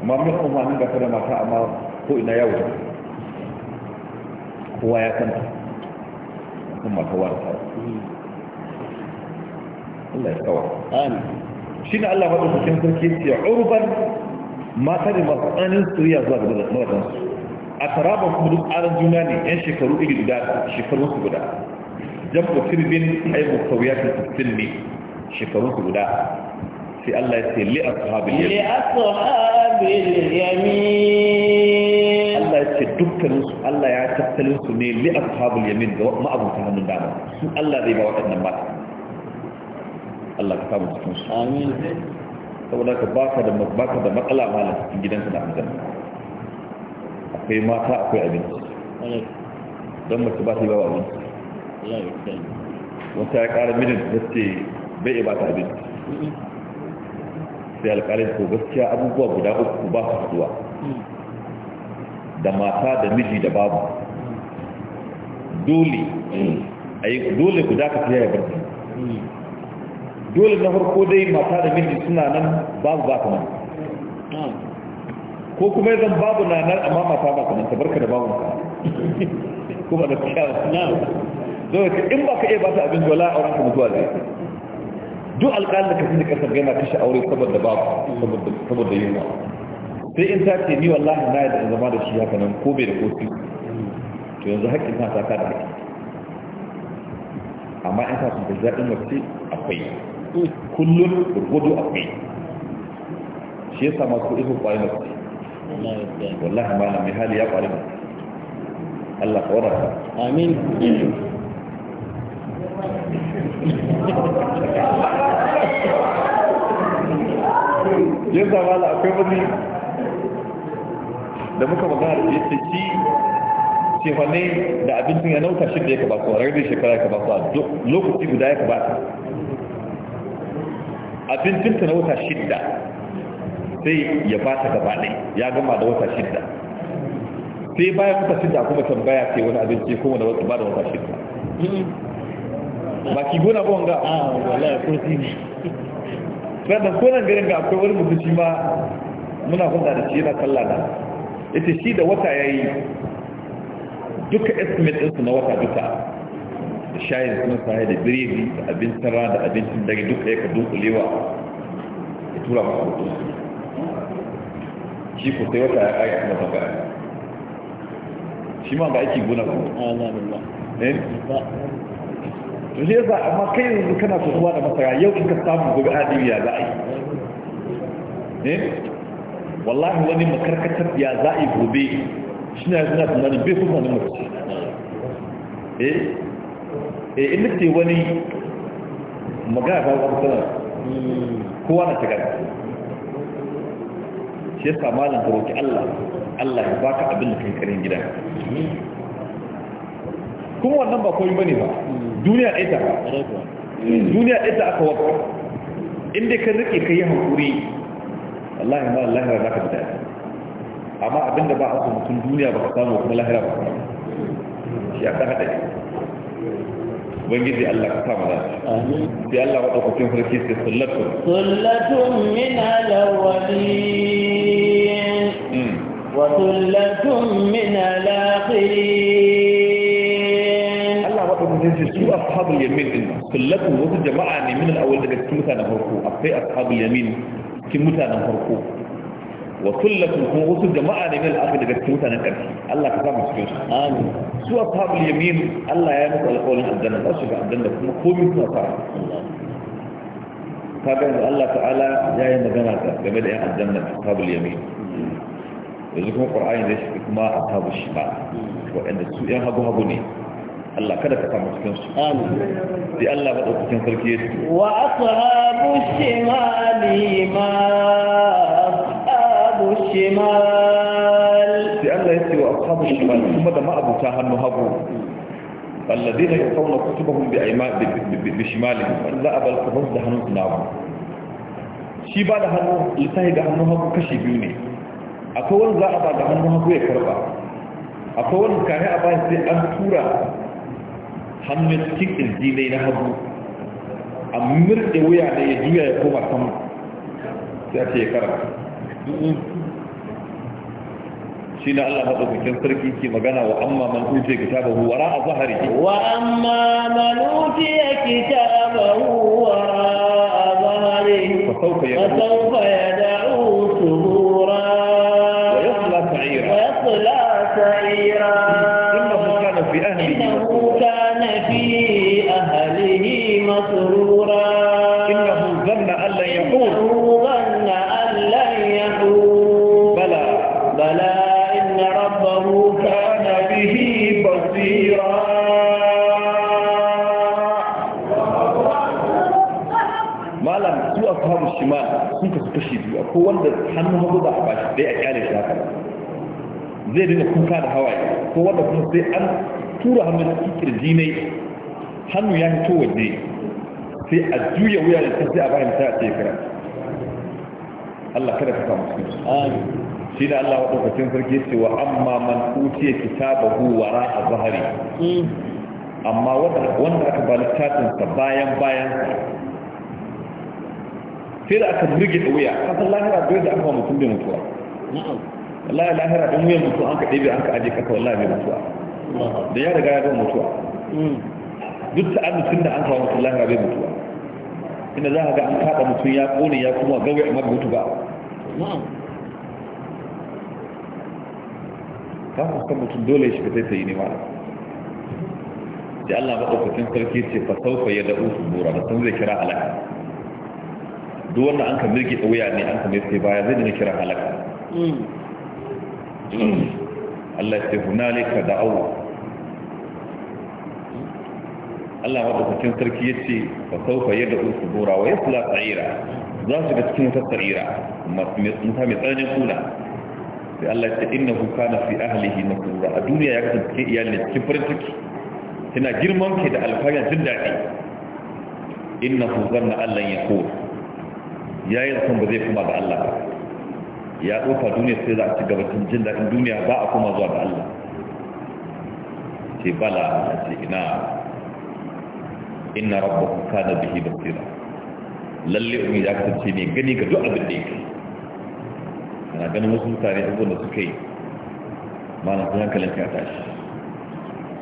amma mai nan ga da mata amma ko ina yawo kowa ya san kuma mata wata hmm. Allah ya kawo. Amin. shi ne Allah maɗaukakin sarki ce urban mata ne masu tsanin suriya zuwa ga mazajensu a taraban kuma duk aran juna ne yan shekaru iri guda shekarun su guda jamfa firbin aibu kawiyatin sittin ne shekarun su guda sai Allah ya ce li ashabil yamin li ashabil yamin Allah ya ce dukkanin su Allah ya tattalin su ne li ashabil yamin ga ma'abuta hannun dama su Allah zai ba waɗannan mata Allah ka kama cikin su amin saboda ka baka da baka da matsala mala cikin gidanka da aljanna akwai mata akwai abinci don mace ba ta yi bawa abinci wata ya kara mijin ta ce bai ba ta abinci sai alkalin ko gaskiya abubuwa guda uku ba su zuwa mm. da mata da miji da babu mm. dole a yi dole guda ka fiye ya barci mm. dole na farko dai mata da miji suna nan babu ba nan, ko kuma ya zan babu na nan amma mata ba kamar ta barka da babu ka kuma da kyawu don ka in ba ka iya bata ta abin dole auren ka mutuwa zai duk alƙalin da ka fi da ƙasar na kashe aure saboda babu saboda yunwa sai in ta ce ni wallahi na yadda zama da shi haka nan ko bai da kotu to yanzu haƙƙin ta ta da haƙƙi amma in ta sun ta daɗin mace akwai kullum gudu akwai shi ya sama su ihu kwaye na kwaye wallahi na mai hali ya kwari na Allah ka waraka amin zama da akwai wani da muka magana ya ce ci cefane da abincin ya nauka shi da ya kaba su a ragar shekara ya kaba su a lokaci guda ya kaba abincinta na wata shidda sai ya ba ta gaba ne ya gama da wata shidda sai bayan wata shidda kuma tambaya ce wani abinci kuma da ba da wata shidda ba ki gona ba wanga a ah, wala ya kursi ne da konan garin ga akwai wani mutum ma muna hulɗa da shi yana kalla da ita shi da wata ya yi duka estimate ɗinsu na wata duka da shayin kuma sahi da biredi da abin tara da abincin dare duka ya ka dunkulewa ya tura masa hoton shi ku sai wata ya kare kuma baka shi ma ga aiki gona ku eh to shi yasa amma kai yanzu kana kusuwa da masara yau in ka samu gobe adiri ya za a yi eh wallahi wani makarkatar ya za a yi gobe shi na yanzu na tunanin bai kuma wani mutum eh Eh, in nufin wani magana ta wata sanar kowa na ta gani shi yasa malam ka roki Allah Allah ya baka abin da kai karin gida kuma wannan ba koyi bane ba duniya ɗaya ta duniya ɗaya ta aka wata inda ka rike yi hankuri Allah ya ma za ka baka da amma abinda ba a so mutum duniya ba ka samu kuma lahira ba shi aka hada ubangiji Allah ka samu da sai Allah hmm. wa ɗaukacin farki sai min wa min Allah su ashabul yamin din wasu jama'a ne min alawwal daga cikin mutanen farko akwai ashabul yamin cikin mutanen farko wa kullatu kuma wasu jama'a ne mil akhir daga cikin mutanen karshe Allah ka samu cikin su amin su ashabul yamin Allah ya musu alƙawarin aljanna za su ga aljanna kuma komai suna fara kaga da Allah ta'ala ya yi magana ta game da yan aljanna ashabul yamin yanzu kuma qur'ani zai shi kuma ashabul shimal waɗanda su yan hagu hagu ne Allah kada ka samu cikin su amin sai Allah ba daukakin sarki ya ce wa ashabul shimali ma الشمال في الله يسي وأصحاب الشمال ثم ما أبو تاهن هبو الذين يقون كتبهم بشمالهم لا أبا القبض دهنو تنابو shi ba da hannu lissahi da hannun hagu kashi biyu ne akwai wani za a ba da hannun hagu ya karba akwai wani kare a bayan sai an tura hannun cikin na hagu a wuya ne ya juya ya koma sama sai a ce ya kara. shi na Allah madaukakin sarki ke magana wa amma man uce kitabahu wara a zahari wa amma man uce kitabahu wara a zahari subura wa yasla wa yasla fi hannu hagu ba a bashi dai a kyale shi haka zai dinga kuka da hawaye ko wanda kuma sai an tura hannu cikin kirji ne hannu ya fito waje sai a juya wuya da sai a bayan a ce kira Allah kada ka samu su amin shi da Allah madaukakin sarki ce wa amma man utiya kitabahu wara a zahari mm. amma wanda aka ba littafin sa bayan bayan sai da aka birge da wuya kasan lahira bai da aka mutum bai mutuwa wallahi lahira don wuyan mutu an ka ɗebe an ka aje kaka wallahi bai mutuwa da ya riga ya ga mutuwa mm. duk da amincin da an kawo mutum lahira bai mutuwa inda za ka ga an kaɗa mutum ya ƙone ya kuma gawai amma bai mutu ba ka fuskan mutum dole shi ka sai sayi ne ma da Allah maɗaukakin sarki ce fa saufa ya da'u su bura da sun zai kira alaka duk wanda an ka mirki wuya ne an ka mai sai baya zai dinga kira halaka mm. Allah ya ce hunalika da'awu Allah cikin sarki ya ce ba sau fa yadda ursu bora wa ya sula tsa'ira za su ga cikin wata tsa'ira musa mai tsananin kuna sai Allah ya ce inna huka na fi ahalihi na kura a duniya ya kasance cikin iyalin cikin farin ciki tana girman ke da alfahari jin daɗi inna huzar na Allah ya kora ya yi zaton ba zai kuma ga Allah ba ya ɗauka duniya sai za a ci gaba tun jin daɗin duniya ba a kuma zuwa ga Allah ce bala a ce ina ina rabbahu kana bihi basira lalle umu ya kasance ne gani ga duk abin da yake ana ganin wasu mutane abubuwan da suka yi mana sun hankalin ka tashi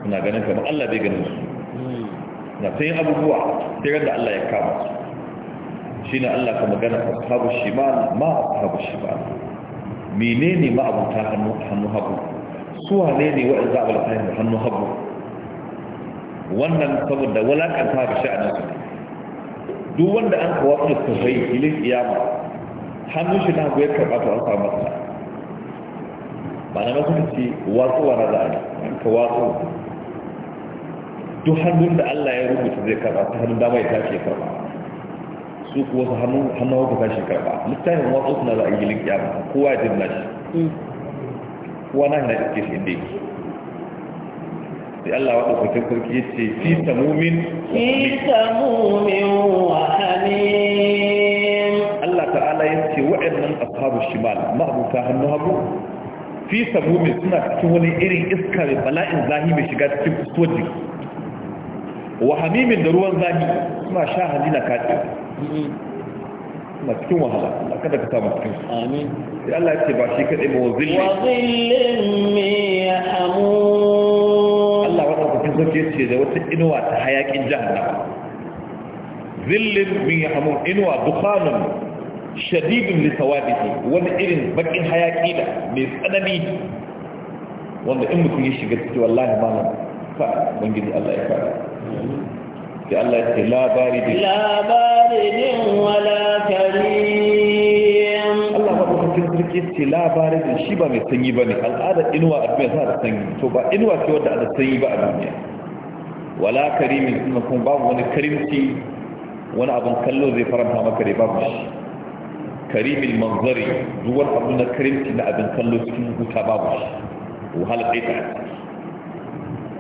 suna ganin kamar Allah bai ganin su hmm. na sai abubuwa sai da Allah ya kama su shine Allah ka magana ashabu shimal ma ashabu shimal menene ma abuta hannu hannu hagu su wane ne wa'in zaɓar fahimta hannu hagu wannan saboda walakanta da sha'anin su duk wanda an kawo su su zai filin iyama hannun shi na goyar karɓa ta alfa masa ba na masu da ce watsu wa raza ne an ka watsu duk hannun da allah ya rubuta zai karɓa ta hannun dama ya tashi ya karɓa su kuwa su hannun hannun haka tashi karba littafin wasu suna za a yi linkiya kowa ya jirna shi mm. kowa na hana iske shi inda yake sai Allah wa ɗaukakin sarki ya ce fi tamumin fi wa hamim Allah ta'ala ya ce wa'annan ashabu shimal ma'abuta hannu hagu fi tamumin suna cikin wani irin iska mai bala'in zahi mai shiga cikin kusuwar jiki wa hamimin da ruwan zahi suna sha hali na na cikin wahala Allah kada ka samu cikin amin sai Allah ya ce ba shi kadai ba wazillin wazillin mi yahmun Allah wata ku kin soke ce da wata inuwa ta hayakin jahannama zillin min yahmun inuwa dukhanun shadidun li sawadihi wani irin bakin hayaki da mai tsanani wanda in mutum ya shiga ciki wallahi malam fa bangiji Allah ya fara sai Allah ya ce la baridin la baridin wala karim Allah ba mutum sarki ce la baridin shi ba mai sanyi bane al'adar inuwa a duniya tana da sanyi to ba inuwa ce wadda ada sanyi ba a duniya wala karimin kuma kun babu wani karimci wani abin kallo zai faranta maka rai babu shi karimin manzari duk wani na karimci na abin kallo cikin huta babu shi wahala tsaye ta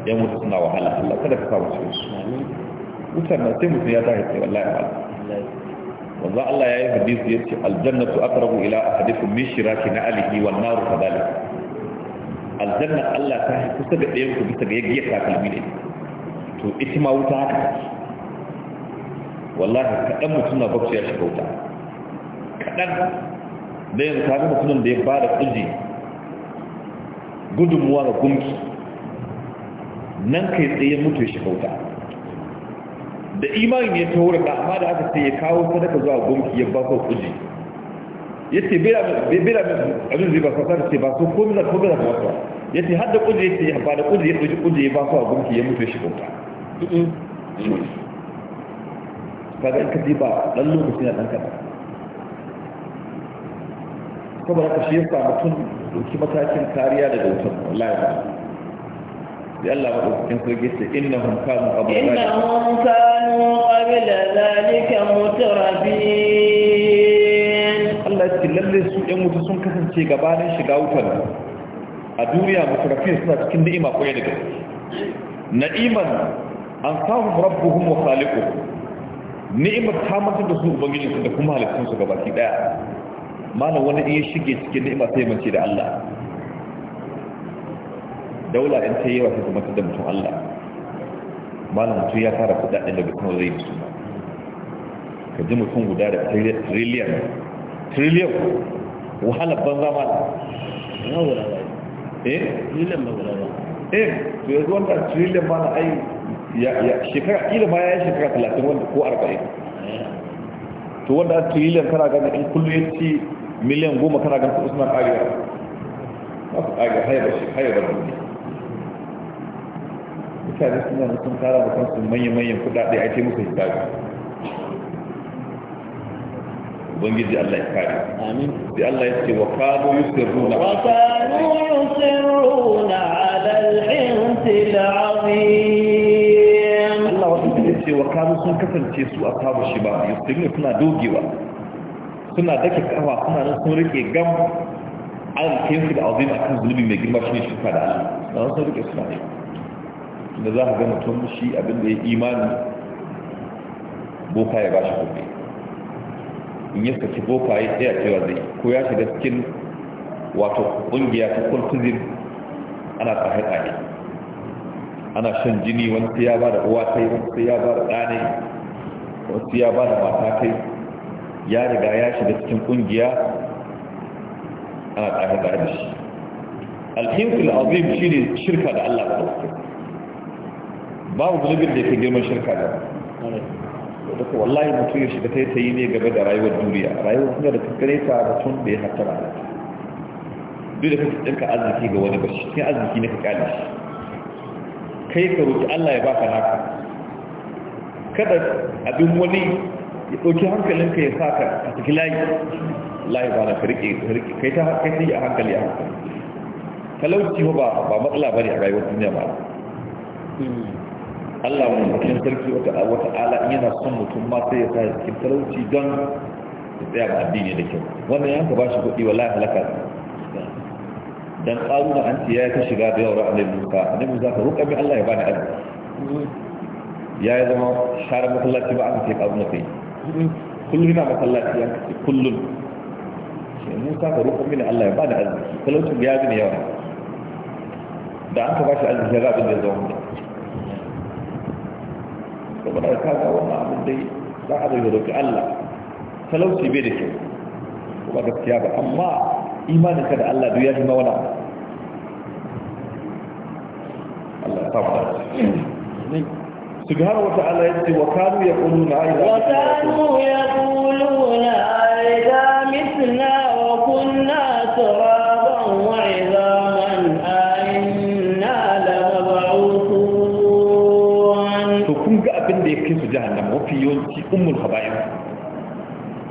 yan mutu suna wahala Allah kada ka samu cikin su wutar na sai mutum ya tashi sai wallahi ba wanzu Allah ya yi hadisi ya ce aljanna aka aqrabu ila ahadikum min shiraki na alihi wan naru kadhalik aljanna Allah ta yi kusa da ɗayan ku bisa ga yaggiya takalmi ne to ita ma wuta haka wallahi kaɗan mutum na bakwai ya shiga wuta kaɗan da yanzu ta mutumin da ya ba da kuji gudunmuwa ga gunki nan kai tsaye mutu ya shiga wuta da imanin ya taho da amma da aka sai ya kawo sadaka zuwa gunki ya ba su kuji ya ce bera abin zai ba su sa ce ba su ko da ko da ba su ya ce hadda kuji ya ce ya ba da kuji ya ɗauki kuji ya ba su a gunki ya mutu ya shiga wuta kaga in ka ji ba dan lokaci na ɗan kaɗan saboda ka shi ya sa mutum ɗauki matakin kariya daga wutar wallahi الله إن سجدت إنهم كانوا قبل ذلك إنهم كانوا قبل ذلك مترفين الله يسكي للي سوء يموت سن كثن شيء قبانا شقا وطن الدنيا مترفين سنة كن نئمة قيدك نئما أنصاهم ربهم وخالقهم ni'imar ta سنة da su سنة كمالك سنة kuma halittun su gabaki daya malam wani in ya shige cikin daula in ta yi wa ta da mutum Allah malam mutum ya fara kudaden da mutum zai mutum ka ji mutum guda da trillion trillion ban za ma da eh trillion ba guda eh to yanzu wanda trillion ma na ai shekara kila ma ya yi shekara talatin wanda ko arba'in to wanda trillion kana gani in kullum ya ci miliyan goma kana gani kuɗi suna ƙarewa ba su ƙarewa da duniya mutane suna da sun tara da kansu manya-manyan kudade a ce musu hisabi ubangiji Allah ya kare amin sai Allah ya ce wa kanu yusirruna wa kanu yusirruna ala al-hintil azim Allah wata ya ce wa kanu sun kasance su a tabu shi ba yusirruna suna dogewa suna dake kawa suna nan sun rike gam an kinsu da azim akan zulubi mai girma shi ne shuka da Allah na rike suna ne da za ka gani tun shi abinda ya imani boka ya ba shi kuɗi in ya saki boka ya tsaya cewa zai ko ya shiga cikin wato ƙungiya ta kultuzin ana tsaye-tsaye ana shan jini wani sai ya ba da uwa ta yi wani sai ya ba da ɗane wani sai ya ba da mata ta ya riga ya shiga cikin ƙungiya ana tsaye-tsaye da shi alhinkul azim ne shirka da allah ta wasu babu zunubin da yake girman shirka da duka wallahi mutum ya shiga ta yi ne game da rayuwar duniya rayuwar kuma da kankare ta mutum da ya hattara da duk da kake ɗinka arziki ga wani bashi cikin arziki na ka kyale shi kai ka roƙi allah ya baka naka kada abin wani ya ɗauki hankalin ka ya sa ka a cikin layi layi ba na karike kai ta kai sai a hankali a hankali talauci ba ba matsala bane a rayuwar duniya ba hmm. Allah mu cikin sarki wata wata ala yana son mutum ma sai ya sa cikin talauci don ya tsaya ga addini da kyau wannan ya ka bashi kuɗi wallahi halaka dan qaruna an ce ya ta shiga da yawar annabi Musa annabi Musa ka roƙa bi Allah ya bani arziki ya yi zama share masallaci ba aka ce qaruna kai kullum yana masallaci ya ce kullum sai Musa ka roƙa mini Allah ya bani arziki talaucin ya bi ne yawa da an ka bashi arziki ya ga abin da ya zama saboda ka ga wannan abin dai za a zai roƙi Allah talauci bai da kyau ba gaskiya ba amma imanin ka da Allah duk ya fi mawana Allah ya tabbata سبحانه وتعالى يقول وكانوا يقولون أيضا وكانوا Aida أيضا wa kunna ترابا ummul haba'in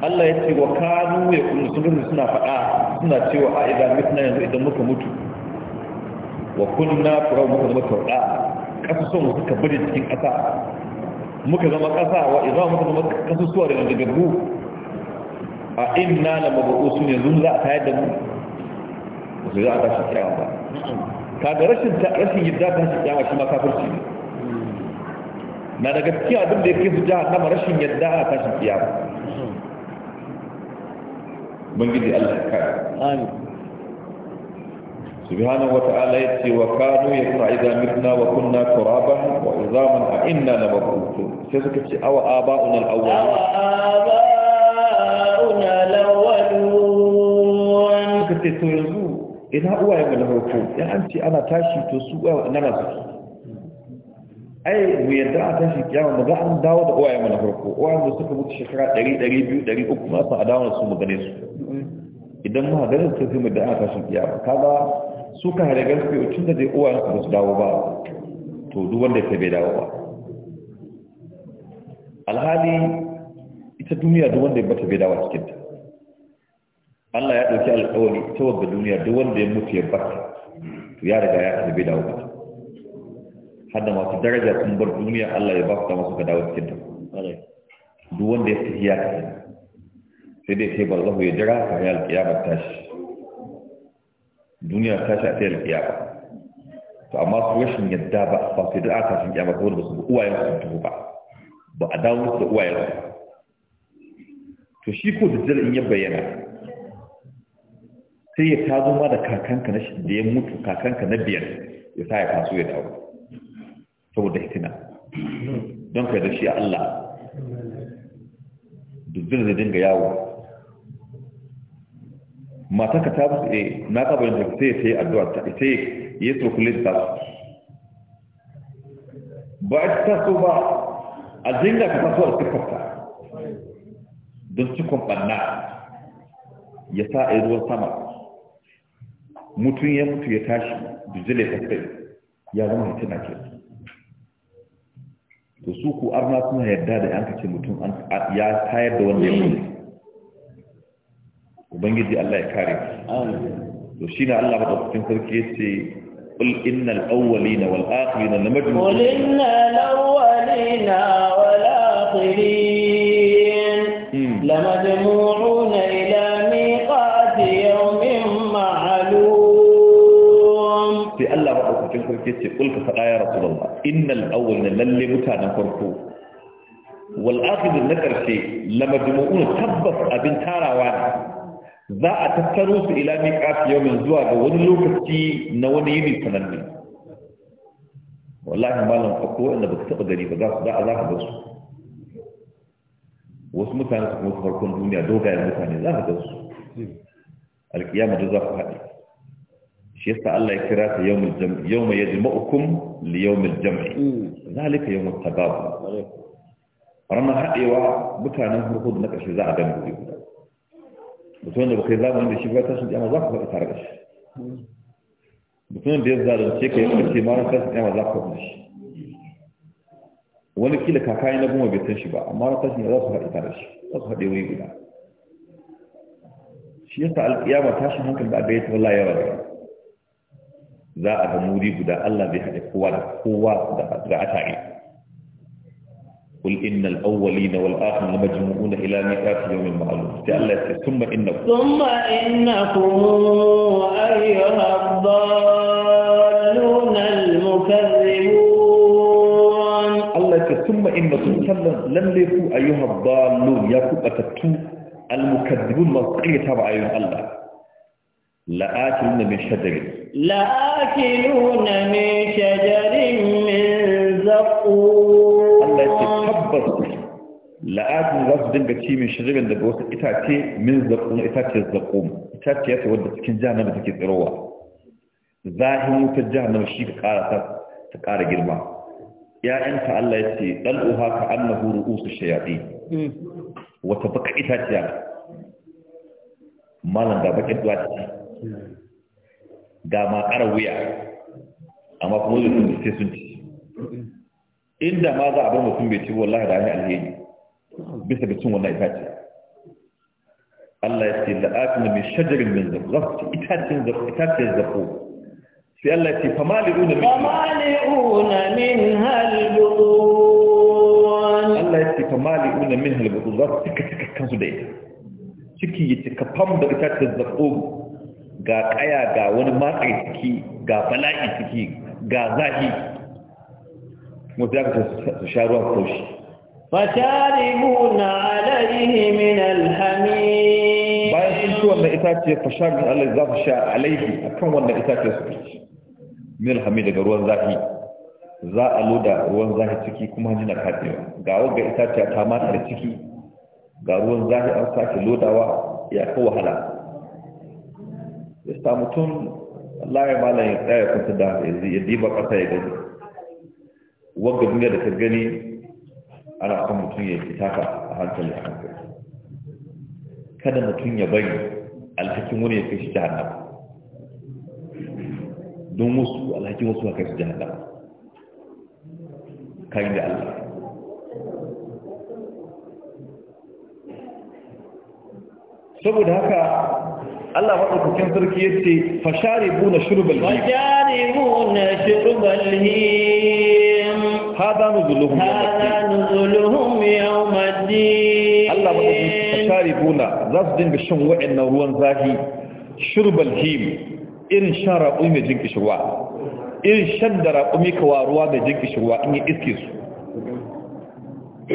Allah ya ce wa kanu ya kuma sun suna faɗa suna cewa a idan na yanzu idan muka mutu wa kunna furau muka zama tauɗa ƙasusuwan suka bari cikin ƙasa muka zama ƙasa wa idan muka zama ƙasusuwa da gaggabu a inna na mabu'u sun yanzu za a tayar da mu ba su za a tashi kyawa ba kaga rashin rashin yadda tashi kyawa shi ma kafirci ne na daga cikin abin da yake su jahannama rashin yadda a tashin kiyama bangiji Allah ka. kare amin subhanahu wata'ala yace wa kanu yaqra idza mitna wa kunna turaba wa izaman a inna la mabutu. sai suka ce awa aba'una al-awwal awa aba'una al awwal. suka ce to yanzu ina uwaye mu na farko in an ce ana tashi to su uwaye nan su ai mu yadda a tashi kiyama mu ga an dawo da uwaye mana farko uwaye mu suka mutu shekara biyu 200 300 ma su a dawo su mu gane su idan ma hadar su sai mu da a tashi kiyama kaga su ka hare gaske tun da dai uwaye su su dawo ba to duk wanda ya bai dawo ba alhali ita duniya duk wanda ya bata bai dawo cikin ta Allah ya dauki alƙawari ita wanda duniya duk wanda ya mutu ya bata to ya riga ya bai dawo ba har da masu daraja sun bar duniya Allah ya ba su masu ka dawo cikin duk wanda ya fi ya tafi sai dai sai ballahu ya jira a ya alƙiyamar tashi duniya tashi a tsayar alƙiyama to amma su rashin yadda ba ba sai da aka sun kiyama ko da su uwayen su tuhu ba ba a dawo su da uwayen su to shi ko da in ya bayyana sai ya tazo ma da kakanka na shi da ya mutu kakanka na biyar ya sa ya kasu ya dawo saboda hitina don ka da shi Allah dubbin zai dinga yawo mata ka ta buɗe eh, na kaba yin sai ya sai addu'a ta ita ya turkulin ta ba a ta so ba a dinga ka taso a tukarta don cikon ɓanna ya sa a yi ruwan sama mutum ya mutu ya tashi dujjale ta ya zama hitina kenan to su ku arna suna yarda da an kace mutum ya tayar da wanda ya mutu ubangiji Allah ya kare to shine Allah ba cikin sarki yace qul innal awwalina wal akhirina lamajmu'un qul innal awwalina wal akhirina hmm. lamajmu'un sarki ce kulka faɗa ya rasu Allah innal awwal na lalle mutanen farko wal akhir na ƙarshe lamajmu'un tabbas abin tarawa ne za a tattaro su ila miqat yawmin zuwa ga wani lokaci na wani yini sananne wallahi malam akwai wanda ba ka taɓa gani ba za su da za ka ga su wasu mutane su kuma farkon duniya dogayen mutane za ka ga su alƙiyama da za ku haɗe شيخ الله يكرات يوم الجمع يوم يجمعكم ليوم الجمع ذلك يوم التباب رمى حقي وا بكان المفروض انك اشي زعب بتون بخير لا من شي فات عشان انا زقف اتركش بتون بيز دار تشيك يوم كي ما راكش انا زقف مش وانا كي لك كاي نبو ما بيتن شي با ما راكش انا زقف اتركش زقف دي وي بلا شيخ القيامه تاشي ممكن بعد بيت والله يا za a ga muri guda Allah zai haɗe kowa da kowa da a tare قل إن الأولين والآخرين لمجموعون إلى ميقات يوم معلوم تألت ثم إنكم ثم إنكم أيها الضالون المكذبون الله ثم إنكم لم يكن أيها الضالون يكون أتتو المكذبون ما قريتها بأيها الله لآتلون من شجر لآكلون من شجر من زقوم الله يتكبر لآكل ذات دنجة من شجر من زقوم إتاتي من زقوم إتاتي الزقوم إتاتي يتودد كن جهنم تكي ذروة ذاهم وتجهنم الشيء تقارة تقارة جرمان ‘ya'yanta Allah ya الله ɗal'uha ka an na huru usu shayaɗi, wata baka itaciya, malam ga makarar wuya amma kuma zai sun ce sun ci inda ma za a bar mutum bai ci wallahi da hanyar alheri bisa ga cin wannan itace Allah ya ce la'atina min shajarin min zaqqat itacen zaqqat itacen zaqqo sai Allah ya ce famali'una min famali'una min halbutun Allah ya ce famali'una min halbutun za su cika cika kansu da ita ciki ya cika fam da itacen zaqqo ga kaya ga wani matsayi ciki ga bala'i ciki ga zahi mutu ya kusa su sha ruwa ko shi fataribuna alaihi min alhami bayan sun ci wannan itace fashar min Allah za su sha alaihi akan wannan itace su ci min alhami daga ruwan zahi za a loda ruwan zahi ciki kuma jina kafewa ga wagga itaciyar ta mata da ciki ga ruwan zahi an sake lodawa ya ko wahala ya sa mutum Allah malam ya tsaya kusa da ya diba ƙasa ya gani wanda duniya da ta gani ana kan mutum ya fita ka a hankali a hankali kada mutum ya bari alhakin wani ya kai shi jahannama don wasu alhakin wasu a kai shi jahannama kayan da Allah saboda haka Allah maɗaukakin sarki ya ce fashari buna shurbal him fashari buna shurbal him hada nuzuluhum hada nuzuluhum yawmaddin Allah maɗaukakin fashari buna za su dinga shan wa'annan ruwan zafi shurbal him irin shan raƙumi mai jin kishirwa irin shan da raƙumi ruwa mai jin kishirwa in yi iske su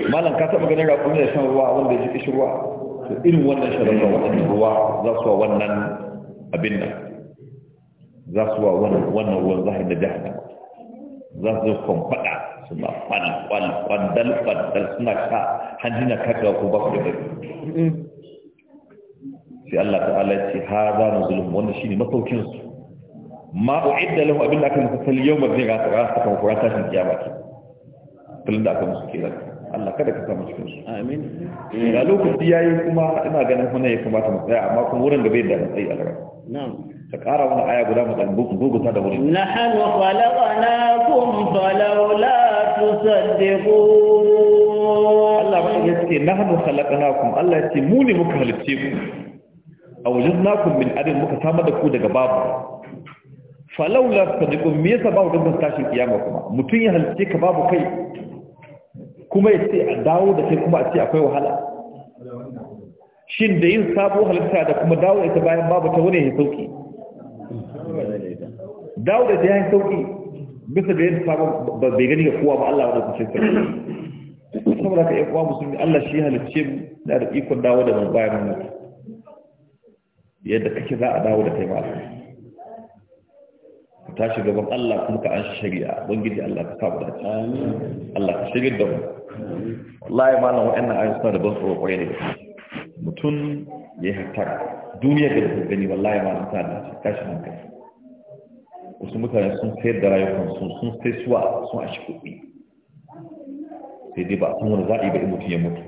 malam ka taɓa ganin raƙumi da shan ruwa wanda ya ji kishirwa to irin wannan sharar da wannan ruwa za su wa wannan abin nan za su wa wannan ruwan zahir da jahannama za su kwamfada suna kwandal kwandal suna ka hanjina kakawa ko ba su da bari sai Allah ta'ala ya ce ha za mu zulum wannan shine masaukin su ma uidda lahu abin da aka masa sal yawma zai ga ta ta kan furata shi kiyama ke kullun da aka musu kenan Allah kada ka samu cikin su amin ga lokaci yayi kuma ina ganin wannan ya kamata mu tsaya amma kuma wurin da bai da matsayi Allah na'am ta ƙara wani aya guda mu dan gugusa da wurin nahnu khalaqnakum falawla tusaddiqun Allah ba ya ce nahnu khalaqnakum Allah ya ce mu ne muka halicce ku awjadnakum min adin muka samar da ku daga babu falawla tusaddiqun me yasa babu dan tashin kiyama kuma mutun ya halicce ka babu kai kuma ya ce a dawo da kai kuma a ce akwai wahala shin da yin sabo halitta da kuma dawo ita bayan babu ta wani ya sauki dawo da ta ya sauki bisa da yin sabon ba bai gani ga kowa ba Allah wanda kuce sauki saboda ka yan uwa musulmi Allah shi halicce mu na da ikon dawo da mu bayan mu yadda kake za a dawo da kai ma ka tashi gaban Allah kuma ka an shari'a bangiji Allah ka sabu da dace Allah ka shirya da mu wallahi malam waɗannan ayoyi suna da ban tsoro kwarai da mutum ya hatar duniya da ta gani wallahi ma suna da tashi hankali wasu mutane sun sayar da rayukan sun sai suwa sun ashi kuɗi sai dai ba sun wani zaɓi ba in mutum ya mutu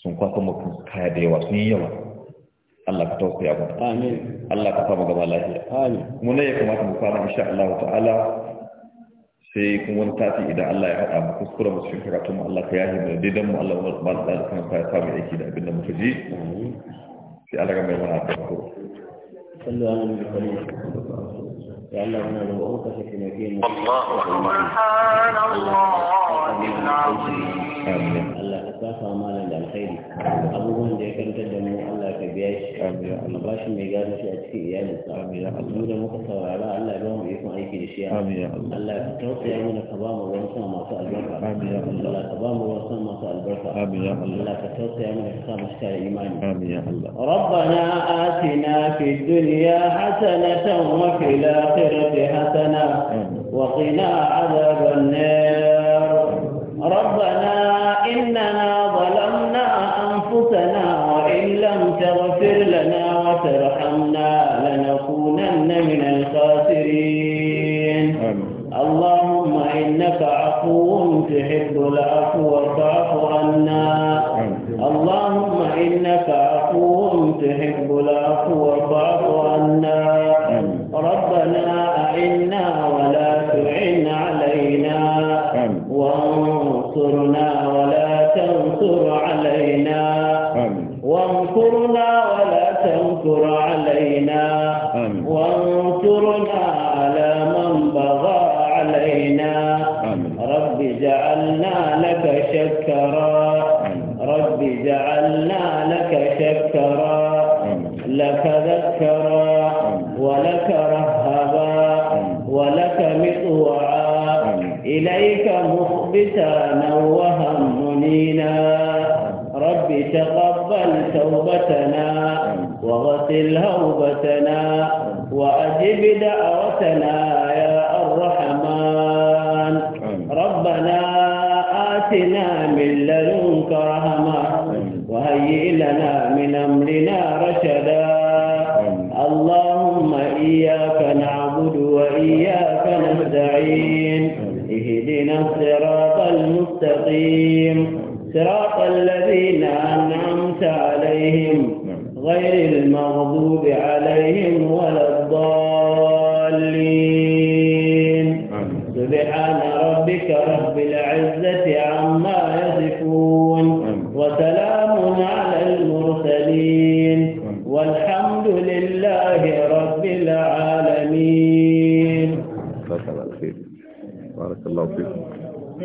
sun kwasa mutum kaya da yawa sun yi yawa Allah ka tausaya mu amin Allah ka mu gaba lafiya amin mu ne ya kamata mu fara insha Allah ta'ala sai kuma wani sati idan Allah ya haɗa mu kuskura mu cikin karatu mu Allah ka yahi mu daidan mu Allah ba da da kan fa aiki da abin da muka ji sai Allah mai mana ya Allah muna da roƙon ka shi ne ke mu Allahu akbar saka malam da alkhairi abubuwan da ya karantar da mu Allah ka biya shi amin ya Allah bashi mai gano shi a cikin iyalin sa amin ya Allah mu da muka saurara Allah ya ba mu ikon aiki da shi amin ya Allah Allah ka tausaya mana ka ba mu wani sama masu albarka amin ya Allah Allah ka ba mu wani sama masu albarka amin ya Allah Allah ka tausaya mana ka sa mu shi da imani amin ya Allah rabbana atina ربنا dunya hasanatan wa fil akhirati hasanatan wa qina عذاب منينا رب تقبل توبتنا وغسل هوبتنا وأجب دعوتنا يا الرحمن ربنا آتنا من لدنك رحمة